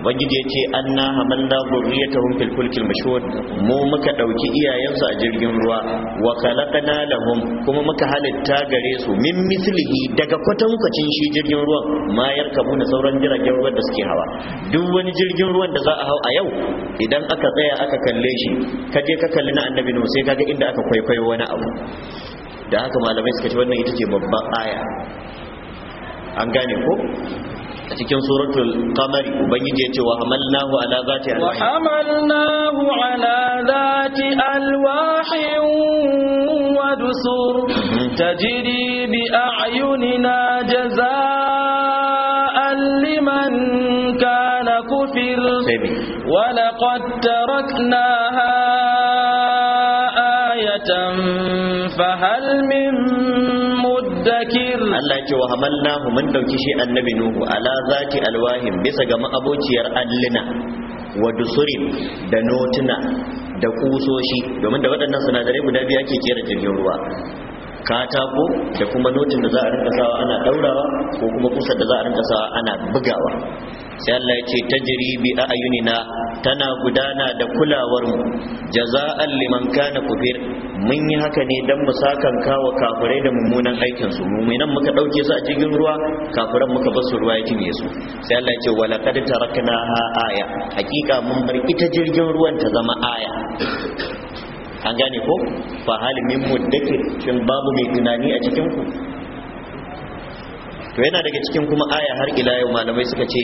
ubangiji na anna hamalna dhurriyatahum hun fulkil mashhud mu muka ɗauki iyayensu a jirgin ruwa wa khalaqna lahum kuma muka halitta gare su min mislihi daga kwatankwacin shi jirgin ruwan ma yarkabu na sauran jiragen ruwan da suke hawa duk wani jirgin ruwan da za a hau a yau idan aka tsaya aka kalle shi ka je ka kalli na annabi nuhu sai kaga inda aka kwaikwayo wani abu da haka malamai suka ce wannan ita ce babban aya an gane ko a cikin suratul qamari ubangiji ya ce wa hamalnahu ala zati alwahi wa hamalnahu ala zati alwahi wa dusur mhm. tajri bi a'yunina jazaa'an liman kana kufir wa laqad taraknaha ayatan hal min muddakir Allah ce wa hamallahu mun dauki shi annabi nuhu ala zati alwahim bisa ga ma'abociyar allina wa dusurin da notuna da kusoshi domin da waɗannan sinadarai guda biyu ake kera jirgin ruwa katako da kuma notin da za a rinka sawa ana daurawa ko kuma kusa da za a rinka sawa ana bugawa sai Allah ya ce tajri bi ayunina tana gudana da kulawar mu jaza'an liman kana kufir mun yi haka ne don mu sakan kawo kafirai da mummunan aikinsu, su muka ɗauke su a cikin ruwa kafiran muka bar su ruwa ya cinye su sai Allah ya ce wala qad ha aya hakika mun bar ita jirgin ruwan ta zama aya an gane ko fa hal muddakir cin babu mai tunani a cikin ku to yana daga cikin kuma aya har ila yau malamai suka ce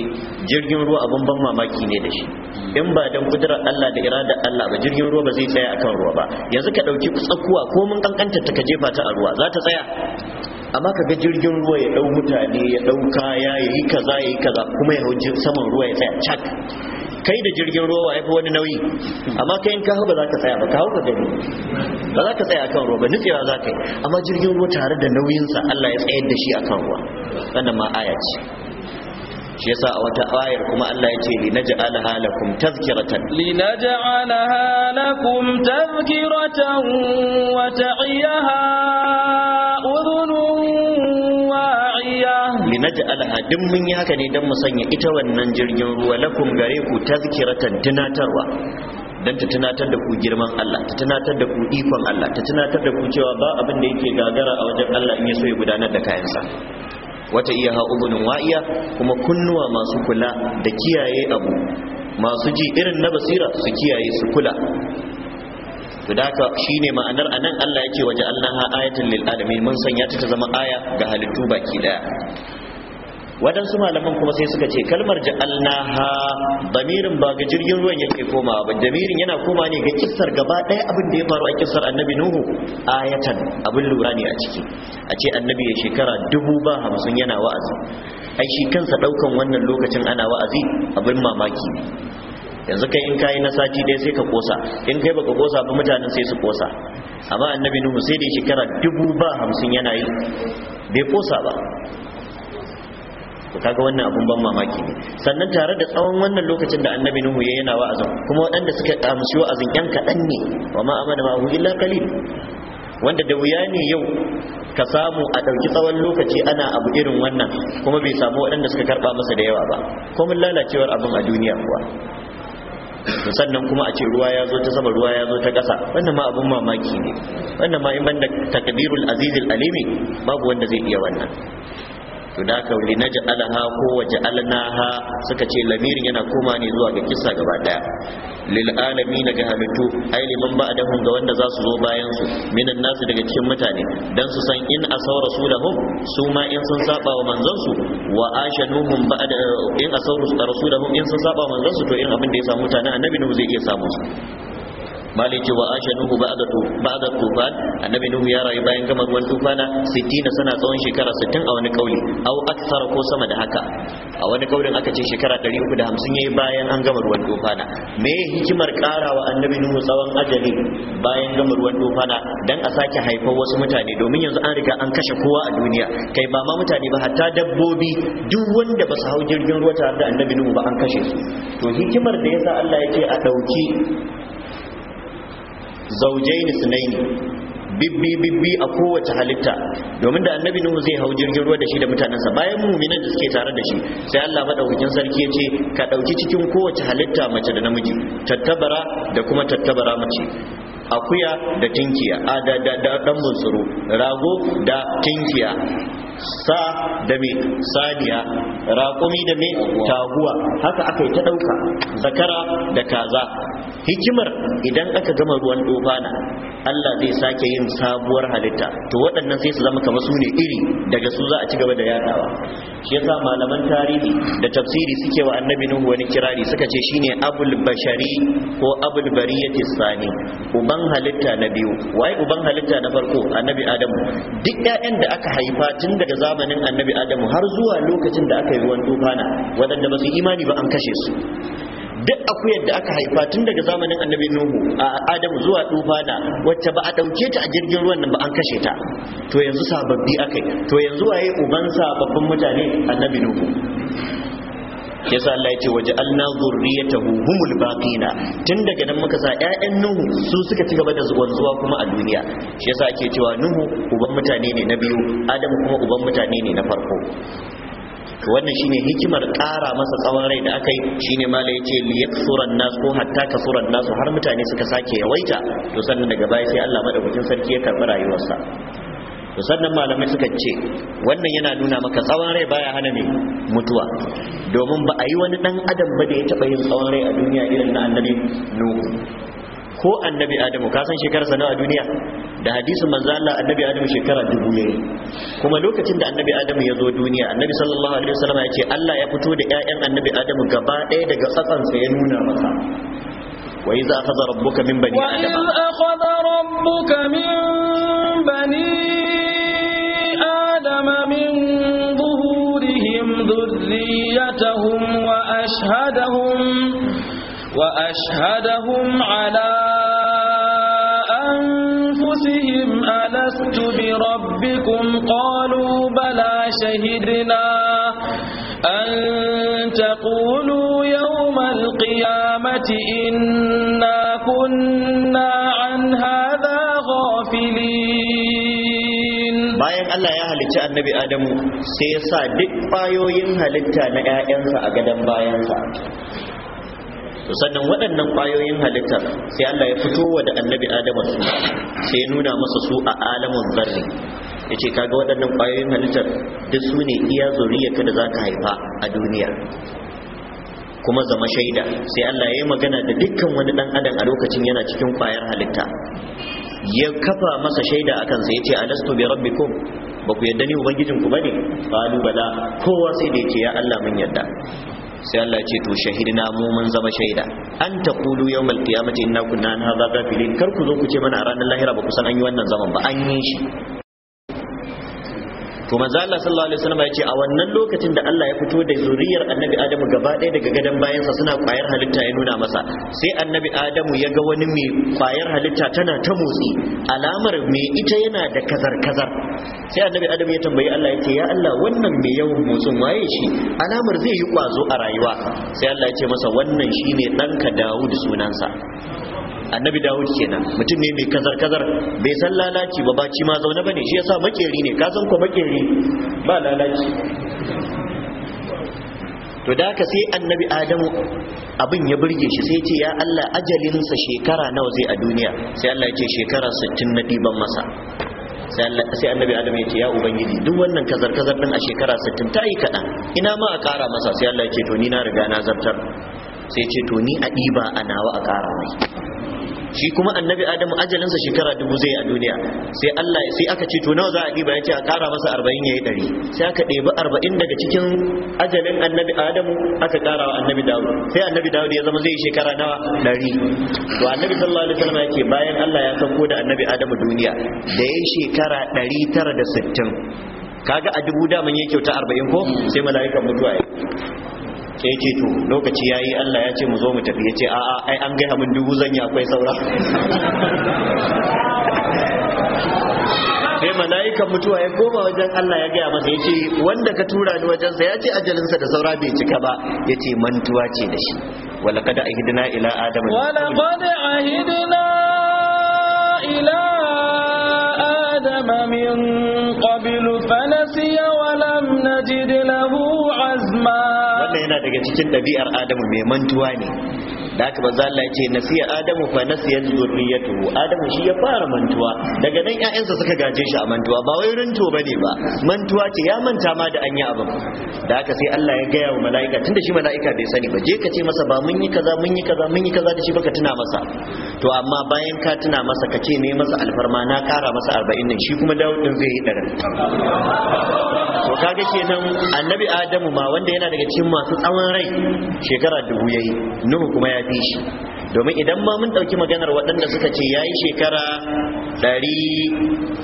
jirgin ruwa abun ban mamaki ne da shi in ba dan kudurar Allah da irada Allah ba jirgin ruwa ba zai tsaya akan ruwa ba yanzu ka dauki tsakuwa ko mun kankanta ta ka jefa ta a ruwa za ta tsaya amma ga jirgin ruwa ya dau mutane ya dau kaya ya kaza yayi kaza kuma ya hauje saman ruwa ya tsaya cak kai da jirgin ruwa ya fi wani nauyi amma kai in ka hau ba za ka tsaya ba ka hau ka gani ba za ka tsaya akan ruwa ba nutsewa za ka yi amma jirgin ruwa tare da nauyinsa Allah ya tsayar da shi akan ruwa wannan ma aya ce shi yasa a wata ayar kuma Allah ya ce li naj'alaha lakum tadhkiratan li naj'alaha lakum tazkiratan wa ta'iyaha linaj'alaha duk mun yi haka ne dan mu sanya ita wannan jirgin ruwa lakum gare ku tazkiratan tunatarwa dan ta tunatar da ku girman Allah ta tunatar da ku ikon Allah ta tunatar da ku cewa ba abin da yake gagara a wajen Allah in ya so ya gudanar da kayansa wata iya ubunun wa'iya kuma kunnuwa masu kula da kiyaye abu masu ji irin na basira su kiyaye su kula to da haka shine ma'anar anan Allah yake waje Allah ayatan lil mun sanya ta ta zama aya ga halittu baki daya waɗansu malaman kuma sai suka ce kalmar ja'alnaha damirin ba ga jirgin ruwan yake koma ba damirin yana koma ne ga kissar gaba ɗaya abin da ya faru a kissar annabi nuhu ayatan abin lura ne a ciki a ce annabi ya shekara dubu ba hamsin yana wa'azi ai shi kansa ɗaukan wannan lokacin ana wa'azi abin mamaki yanzu kai in kayi na sati ɗaya sai ka kosa in kai baka kosa ba mutanen sai su kosa amma annabi nuhu sai da shekara dubu ba hamsin yana yi bai kosa ba to kaga wannan abun ban mamaki ne sannan tare da tsawon wannan lokacin da annabi nuhu ya yana wa'azin kuma waɗanda suka amshi wa'azin yan kaɗan ne wa ma amana ma'ahu illa qalil wanda da wuya ne yau ka samu a ɗauki tsawon lokaci ana abu irin wannan kuma bai samu waɗanda suka karɓa masa da yawa ba komin lalacewar abin a duniya kuwa sannan kuma a ce ruwa ya zo ta sama ruwa ya zo ta ƙasa wannan ma abun mamaki ne wannan ma in banda takdirul azizul alimi babu wanda zai iya wannan to da na li naj'alaha ko waj'alnaha suka ce lamirin yana koma ne zuwa ga kissa gaba daya lil alamin ga halittu ai liman ba'dahum ga wanda za su zo bayan su minan nasu daga cikin mutane dan su san in asaw rasulahum su ma in sun saba wa manzon su wa ashanuhum ba'da in asaw rasulahum in sun saba manzon su to in abin da ya samu mutane annabi ne zai iya samu su maliki wa asha nuhu ba'da tu ba'da tufan annabi nuhu ya rayu bayan gama ruwan tufana 60 sana tsawon shekara 60 a wani kauli au aksara ko sama da haka a wani kaulin aka ce shekara 350 yayi bayan an gama ruwan tufana me hikimar karawa annabi nuhu tsawon ajali bayan gama ruwan tufana dan a sake haifar wasu mutane domin yanzu an riga an kashe kowa a duniya kai ba ma mutane ba hatta dabbobi duk wanda ba su hau jirgin ruwa tare da annabi nuhu ba an kashe su to hikimar da yasa Allah ya ce a dauki ni sunaini bibbi bibbi a kowace halitta domin da annabi nuhu zai hau jirgin ruwa da shi da mutanensa bayan muminan da suke tare da shi sai Allah madaukakin sarki ya ce ka dauki cikin kowace halitta mace da namiji tattabara da kuma tattabara mace akuya da tinkiya a da da da dan bunsuru rago da tinkiya sa da me saniya raƙumi da me taguwa haka aka yi ta ɗauka zakara da kaza hikimar idan aka gama ruwan dofana Allah zai sake yin sabuwar halitta to waɗannan sai su zama kamar su ne iri daga su za a ci gaba da yadawa shi yasa malaman tarihi da tafsiri suke wa annabi nuhu wani kirari suka ce shine abul bashari ko abul bariyati sani uban halitta na biyu wai uban halitta na farko annabi adamu duk ƴaƴan da aka haifa tun daga zamanin annabi adamu har zuwa lokacin da aka yi ruwan dukana, waɗanda ba su imani ba an kashe su duk akuyar da aka haifa tun daga zamanin annabi nuhu a adamu zuwa tufana wacce ba a dauke ta a jirgin ruwan nan ba an kashe ta to yanzu sababbi akai to yanzu waye uban sababbin mutane annabi nuhu yasa Allah ya ce waje alna zurriyatahu humul baqina tun daga nan muka sa ƴaƴan Nuhu su suka ci gaba da zuwa kuma a duniya shi yasa ake cewa Nuhu uban mutane ne na biyu Adamu kuma uban mutane ne na farko wannan shine hikimar ƙara masa tsawon rai da aka yi shine mala yace li yakthura nas ko hatta kasura nas har mutane suka sake yawaita to sannan daga baya sai Allah madaukakin sarki ya karbi rayuwarsa to sannan malamai suka ce wannan yana nuna maka tsawon rai baya hana ne mutuwa domin ba a yi wani dan adam ba da ya taba yin tsawon rai a duniya irin na annabi nuhu ko annabi adamu ka san shekararsa nawa a duniya da hadisin manzo Allah annabi adamu shekara dubu yayi kuma lokacin da annabi adamu ya zo duniya annabi sallallahu alaihi wasallam ya ce Allah ya fito da ƴaƴan annabi adamu gaba ɗaya daga tsatsan sa ya nuna masa wa iza akhadha rabbuka min bani adama wa iza akhadha rabbuka min bani adama min ظهورهم ذريتهم وأشهدهم وأشهدهم على أنفسهم ألست بربكم قالوا بلى شهدنا أن تقولوا يوم القيامة إنا كنا عن هذا غافلين بايك الله يا هل النبي آدم سيسا دقفا يوين هل اتا نقا ينسا أقدم sannan waɗannan ƙwayoyin halitta sai Allah ya fito wa da annabi Adamu su sai ya nuna masa su a alamun zarri ce kaga waɗannan ƙwayoyin halittar duk su ne iya kada da ka haifa a duniya kuma zama shaida sai Allah ya yi magana da dukkan wani ɗan adam a lokacin yana cikin ƙwayar halitta ya kafa masa shaida a kansa ya ce alastu bi rabbikum ba ku yadda ni ubangijinku ba ne ƙalu bala kowa sai da ya ce ya Allah mun yadda sai Allah ce to shahidna mu mun zama shaida an taqulu yawmal qiyamati inna kunna an hadha ghafilin kar ku zo ku ce mana a ranar lahira ba ku san an yi wannan zaman ba an yi shi to manzo Allah sallallahu alaihi wasallam ya ce a wannan lokacin da Allah ya fito da zuriyar annabi Adamu gaba ɗaya daga gadon sa suna kwayar halitta ya nuna masa sai annabi Adamu ya ga wani mai kwayar halitta tana ta motsi alamar me ita yana da kazar kazar sai annabi Adamu ya tambayi Allah ya ce ya Allah wannan mai yawan motsin waye shi alamar zai yi kwazo a rayuwa sai Allah ya ce masa wannan shine ɗanka Dawud sunansa annabi dawud kenan mutum ne mai kazar kazar bai san lalaci ba baci ma zaune bane shi yasa makeri ne ka ko makeri ba lalaci to da ka sai annabi adamu abin ya burge shi sai ce ya Allah ajalinsa shekara nawa zai a duniya sai Allah ya ce shekara 60 na diban masa sai annabi Adamu ya ce ya ubangiji duk wannan kazar kazar din a shekara 60 ta yi kaɗan ina ma a ƙara masa sai Allah ya ce to ni na riga na zartar sai ce to ni a ɗiba a nawa a ƙara mai shi kuma annabi adamu ajalinsa shekara dubu zai a duniya sai Allah sai aka ce to nawa za a ɗiba yace a ƙara masa arba'in yayi ɗari sai aka ɗebi arba'in daga cikin ajalin annabi adamu aka ƙara wa annabi dawud sai annabi dawud ya zama zai yi shekara nawa ɗari to annabi sallallahu alaihi wasallam yake bayan Allah ya sauko da annabi adamu duniya da yayi shekara ɗari tara da sittin kaga a dubu daman ya kyauta arba'in ko sai mala'ikan mutuwa ya sai ce to lokaci ya yi Allah ya ce mu zo mu tafi ya ce a'a ai an gaya min dubu zanya akwai saura sai mala'ikan mutuwa ya koma wajen Allah ya gaya masa ya ce wanda ka tura ni wajensa ya ce ajalinsa da saura bai cika ba ya ce mantuwa ce da shi ila adam wala kada ولقد ila adam min من fa nasiya daga cikin ɗabi'ar adamu mai mantuwa ne da haka manzo Allah ya ce nasiya adamu fa nasiya zurriyatuhu adamu shi ya fara mantuwa daga nan ƴaƴansa suka gaje shi a mantuwa ba wai rinto bane ba mantuwa ce ya manta ma da anya abin da haka sai Allah ya gaya wa mala'ika tunda shi mala'ika bai sani ba je ka ce masa ba mun yi kaza mun yi kaza mun yi kaza da shi baka tuna masa to amma bayan ka tuna masa ka ce ne masa alfarma na kara masa 40 din shi kuma Dawud din zai yi daren to kaga kenan annabi Adamu ma wanda yana daga cikin masu tsawon rai shekara dubu yayi Nuhu kuma ya ficha. domin idan ma mun ɗauki maganar waɗanda suka ce ya yi shekara ɗari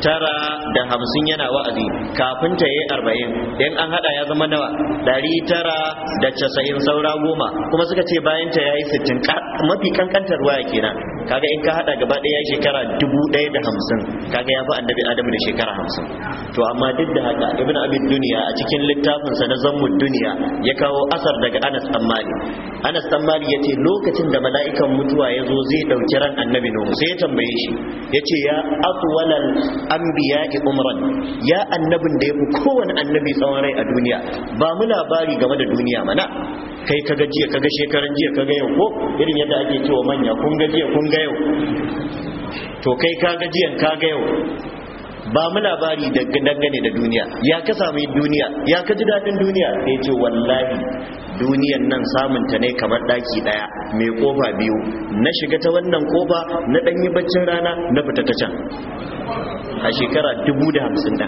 tara da hamsin yana wa'azi kafin ta yi arba'in in an haɗa ya zama nawa ɗari tara da casa'in saura goma kuma suka ce bayan ta ya yi sittin mafi kankantar waya kenan kaga in ka haɗa gaba ɗaya shekara dubu ɗaya da hamsin kaga ya fi annabi adamu da shekara hamsin to amma duk da haka ibn abid duniya a cikin littafinsa na zammu duniya ya kawo asar daga anas tammali anas tammali ya ce lokacin da mala'ikan mutuwa ya zo zai ɗauki ran annabi nuhu sai ya tambaye shi ya ce ya biya anbiya umran ya annabin da ya fi kowane annabi tsawon rai a duniya ba mu labari game da duniya mana kai ka ga jiya ka ga shekaran jiya ka ga yau ko irin yadda ake cewa manya kun ga jiya kun ga yau to kai ka ga jiyan ka ga yau ba mu labari dangane da duniya ya ka sami duniya ya ka ji daɗin duniya da ya ce wallahi duniyan nan samunta ne kamar ɗaki ɗaya mai ƙofa biyu na shiga ta wannan ƙofa na ɗanyi baccin rana na fita ta can a shekara dubu da hamsin da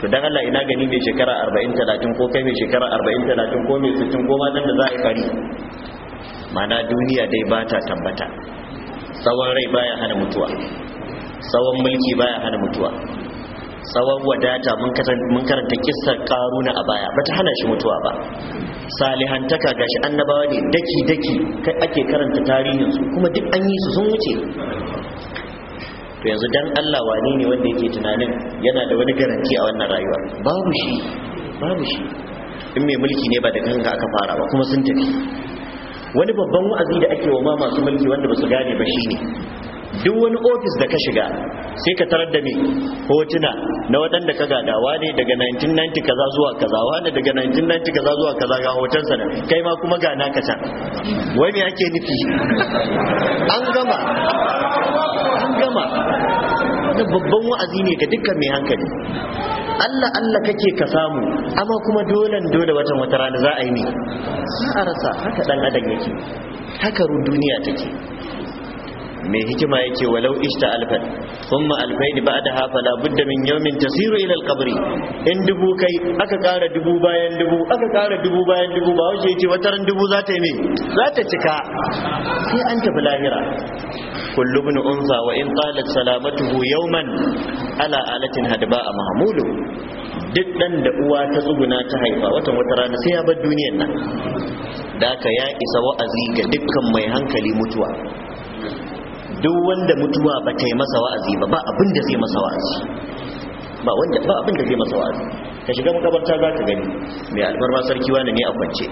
to dan Allah ina gani mai shekara 40 30 ko kai mai shekara 40 30 ko mai 60 ko ma dan da za a yi fari mana duniya dai ba ta tabbata tsawon rai baya hana mutuwa tsawon mulki baya hana mutuwa tsawon wadata mun karanta kissar karuna a baya bata hana shi mutuwa ba salihantaka gashi annabawa ne daki daki kai ake karanta tarihinsu kuma duk an yi su sun wuce to yanzu dan Allah wane ne wanda yake tunanin yana da wani garanti a wannan rayuwa babu shi babu shi in mai mulki ne ba da kanka aka fara ba kuma sun tafi wani babban wa'azi da ake wa ma masu mulki wanda ba su gane ba shi ne. duk wani ofis da ka shiga sai ka tarar da mai hotuna na waɗanda ka gadawa ne daga 1990 kaza zuwa kaza wani daga 1990 kaza zuwa kaza ga hotonsa ne kai ma kuma ga naka can wai ake nufi an gama an gama da babban wa'azi ne ga dukkan mai hankali Allah Allah kake ka samu amma kuma dolan dole watan wata rana za a yi ne za a rasa haka dan adam yake haka duniya take mai hikima yake walau ishta alfan thumma alfaini ba'daha fala budda min yawmin tasiru ila alqabri in dubu kai aka kara dubu bayan dubu aka kara dubu bayan dubu ba wace yace ran dubu za ta yi me za ta cika sai an tafi lahira kullu ibn unza wa in talat salamatuhu yawman ala alatin hadba mahmulu duk dan da uwa ta tsuguna ta haifa watan wata rana sai ya bar duniyar nan da ka ya isa wa'azi ga dukkan mai hankali mutuwa duk wanda mutuwa ba ta yi masa wa'azi ba ba abin da zai masa wa'azi ba wanda ba abin da zai masa wa'azi ka shiga makabarta za ka gani mai alfarma sarki wani ne a kwance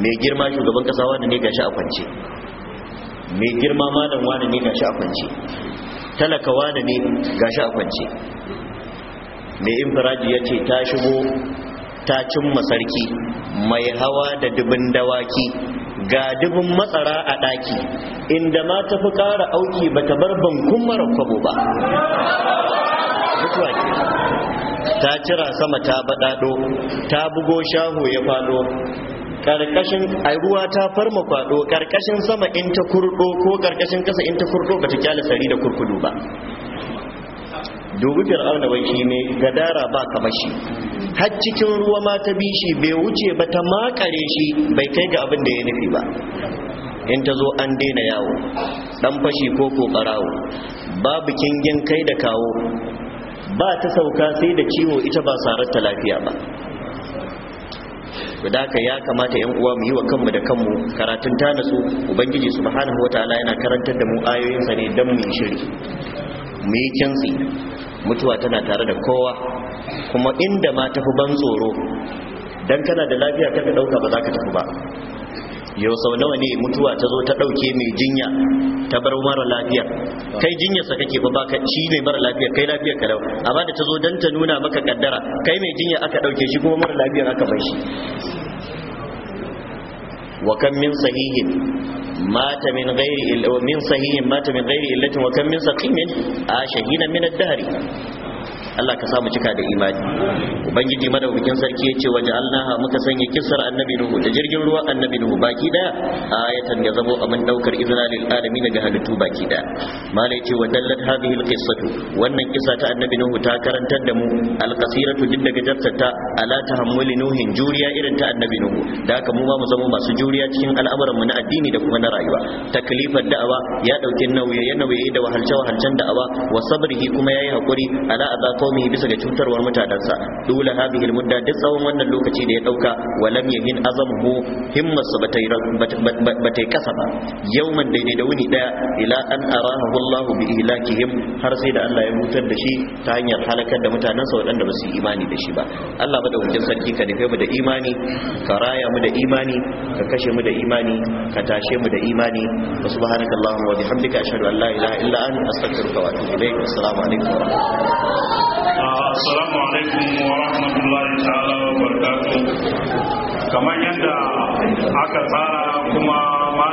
mai girma shugaban kasa wani ne gashi a kwance mai girma malam wani ne gashi a kwance talaka wani ne gashi a kwance mai infiraji ya ce ta shigo ta cimma sarki mai hawa da dubin dawaki ga dubin matsara a ɗaki inda ma ta fi ƙara auki ba ta bar bankun mara kwabo ba mutuwa ke ta cira sama ta baɗaɗo ta bugo shaho ya faɗo ƙarƙashin ruwa ta farma kwaɗo ƙarƙashin sama in ta kurɗo ko ƙarƙashin ƙasa in ta ba bata kyale sari da kurkudu ba dubi fir'auna baki ne gadara ba ka shi har cikin ruwa ma ta bi shi bai wuce ba ta makare shi bai kai ga abin da ya nufi ba in ta zo an daina yawo dan fashi ko karawo babu kingin kai da kawo ba ta sauka sai da ciwo ita ba sarar ta lafiya ba da haka ya kamata yan uwa mu yi wa kanmu da kanmu karatun ta nasu ubangiji subhanahu wataala yana karantar da mu ayoyinsa ne dan mu yi shiri mu yi kintsi mutuwa tana tare da kowa kuma inda ma tafi ban tsoro dan kana da lafiya kada dauka ba za ka tafi ba yau sau nawa ne mutuwa ta zo ta ɗauke mai jinya ta bar mara lafiya kai jinyarsa kake ba ka shi ne mara lafiya kai lafiya ka dau amma da ta zo don ta nuna maka kaddara kai mai jinya aka ɗauke shi kuma mara lafiya aka bar shi wa kan min sahihin مات من غير من صحيح مات من غير إلة وكم من سقيم عاش آه، من الدهر Allah ka samu cika da imani ubangiji madaukakin sarki yace waja'alnaha muka sanya kisar annabi nuhu da jirgin ruwa annabi nuhu baki daya ayatan ya zamo abin daukar izina lil alamin daga halittu baki daya mala yace wa dallat hadhihi al qissatu wannan kisa ta annabi nuhu ta karantar da mu al qasiratu duk daga ta ala tahammuli nuhin juriya irin ta annabi nuhu da haka mu ma mu zamo masu juriya cikin al'amuran mu na addini da kuma na rayuwa taklifar da'awa ya dauki nauye ya da wahalce wahalcen da'awa wa sabrihi kuma yayi hakuri ala azab qaumi bisa ga cutarwar mutanansa dole hadhihi almudda duk tsawon wannan lokaci da ya dauka walam yahin azamuhu himmasu batai batai kasa ba yawman daidai da wuni daya ila an arahu Allah bi ihlakihim har sai da Allah ya mutar da shi ta hanyar halakar da mutanansa waɗanda ba su yi imani da shi ba Allah madaukakin sarki ka nufe mu da imani ka raya mu da imani ka kashe mu da imani ka tashe mu da imani subhanakallahumma wa bihamdika ashhadu an la ilaha illa anta astaghfiruka wa atubu ilaik assalamu alaikum Uh, assalamu alaikum wa rahmatullahi ta'ala wa barakatuh kamar yadda aka tsara kuma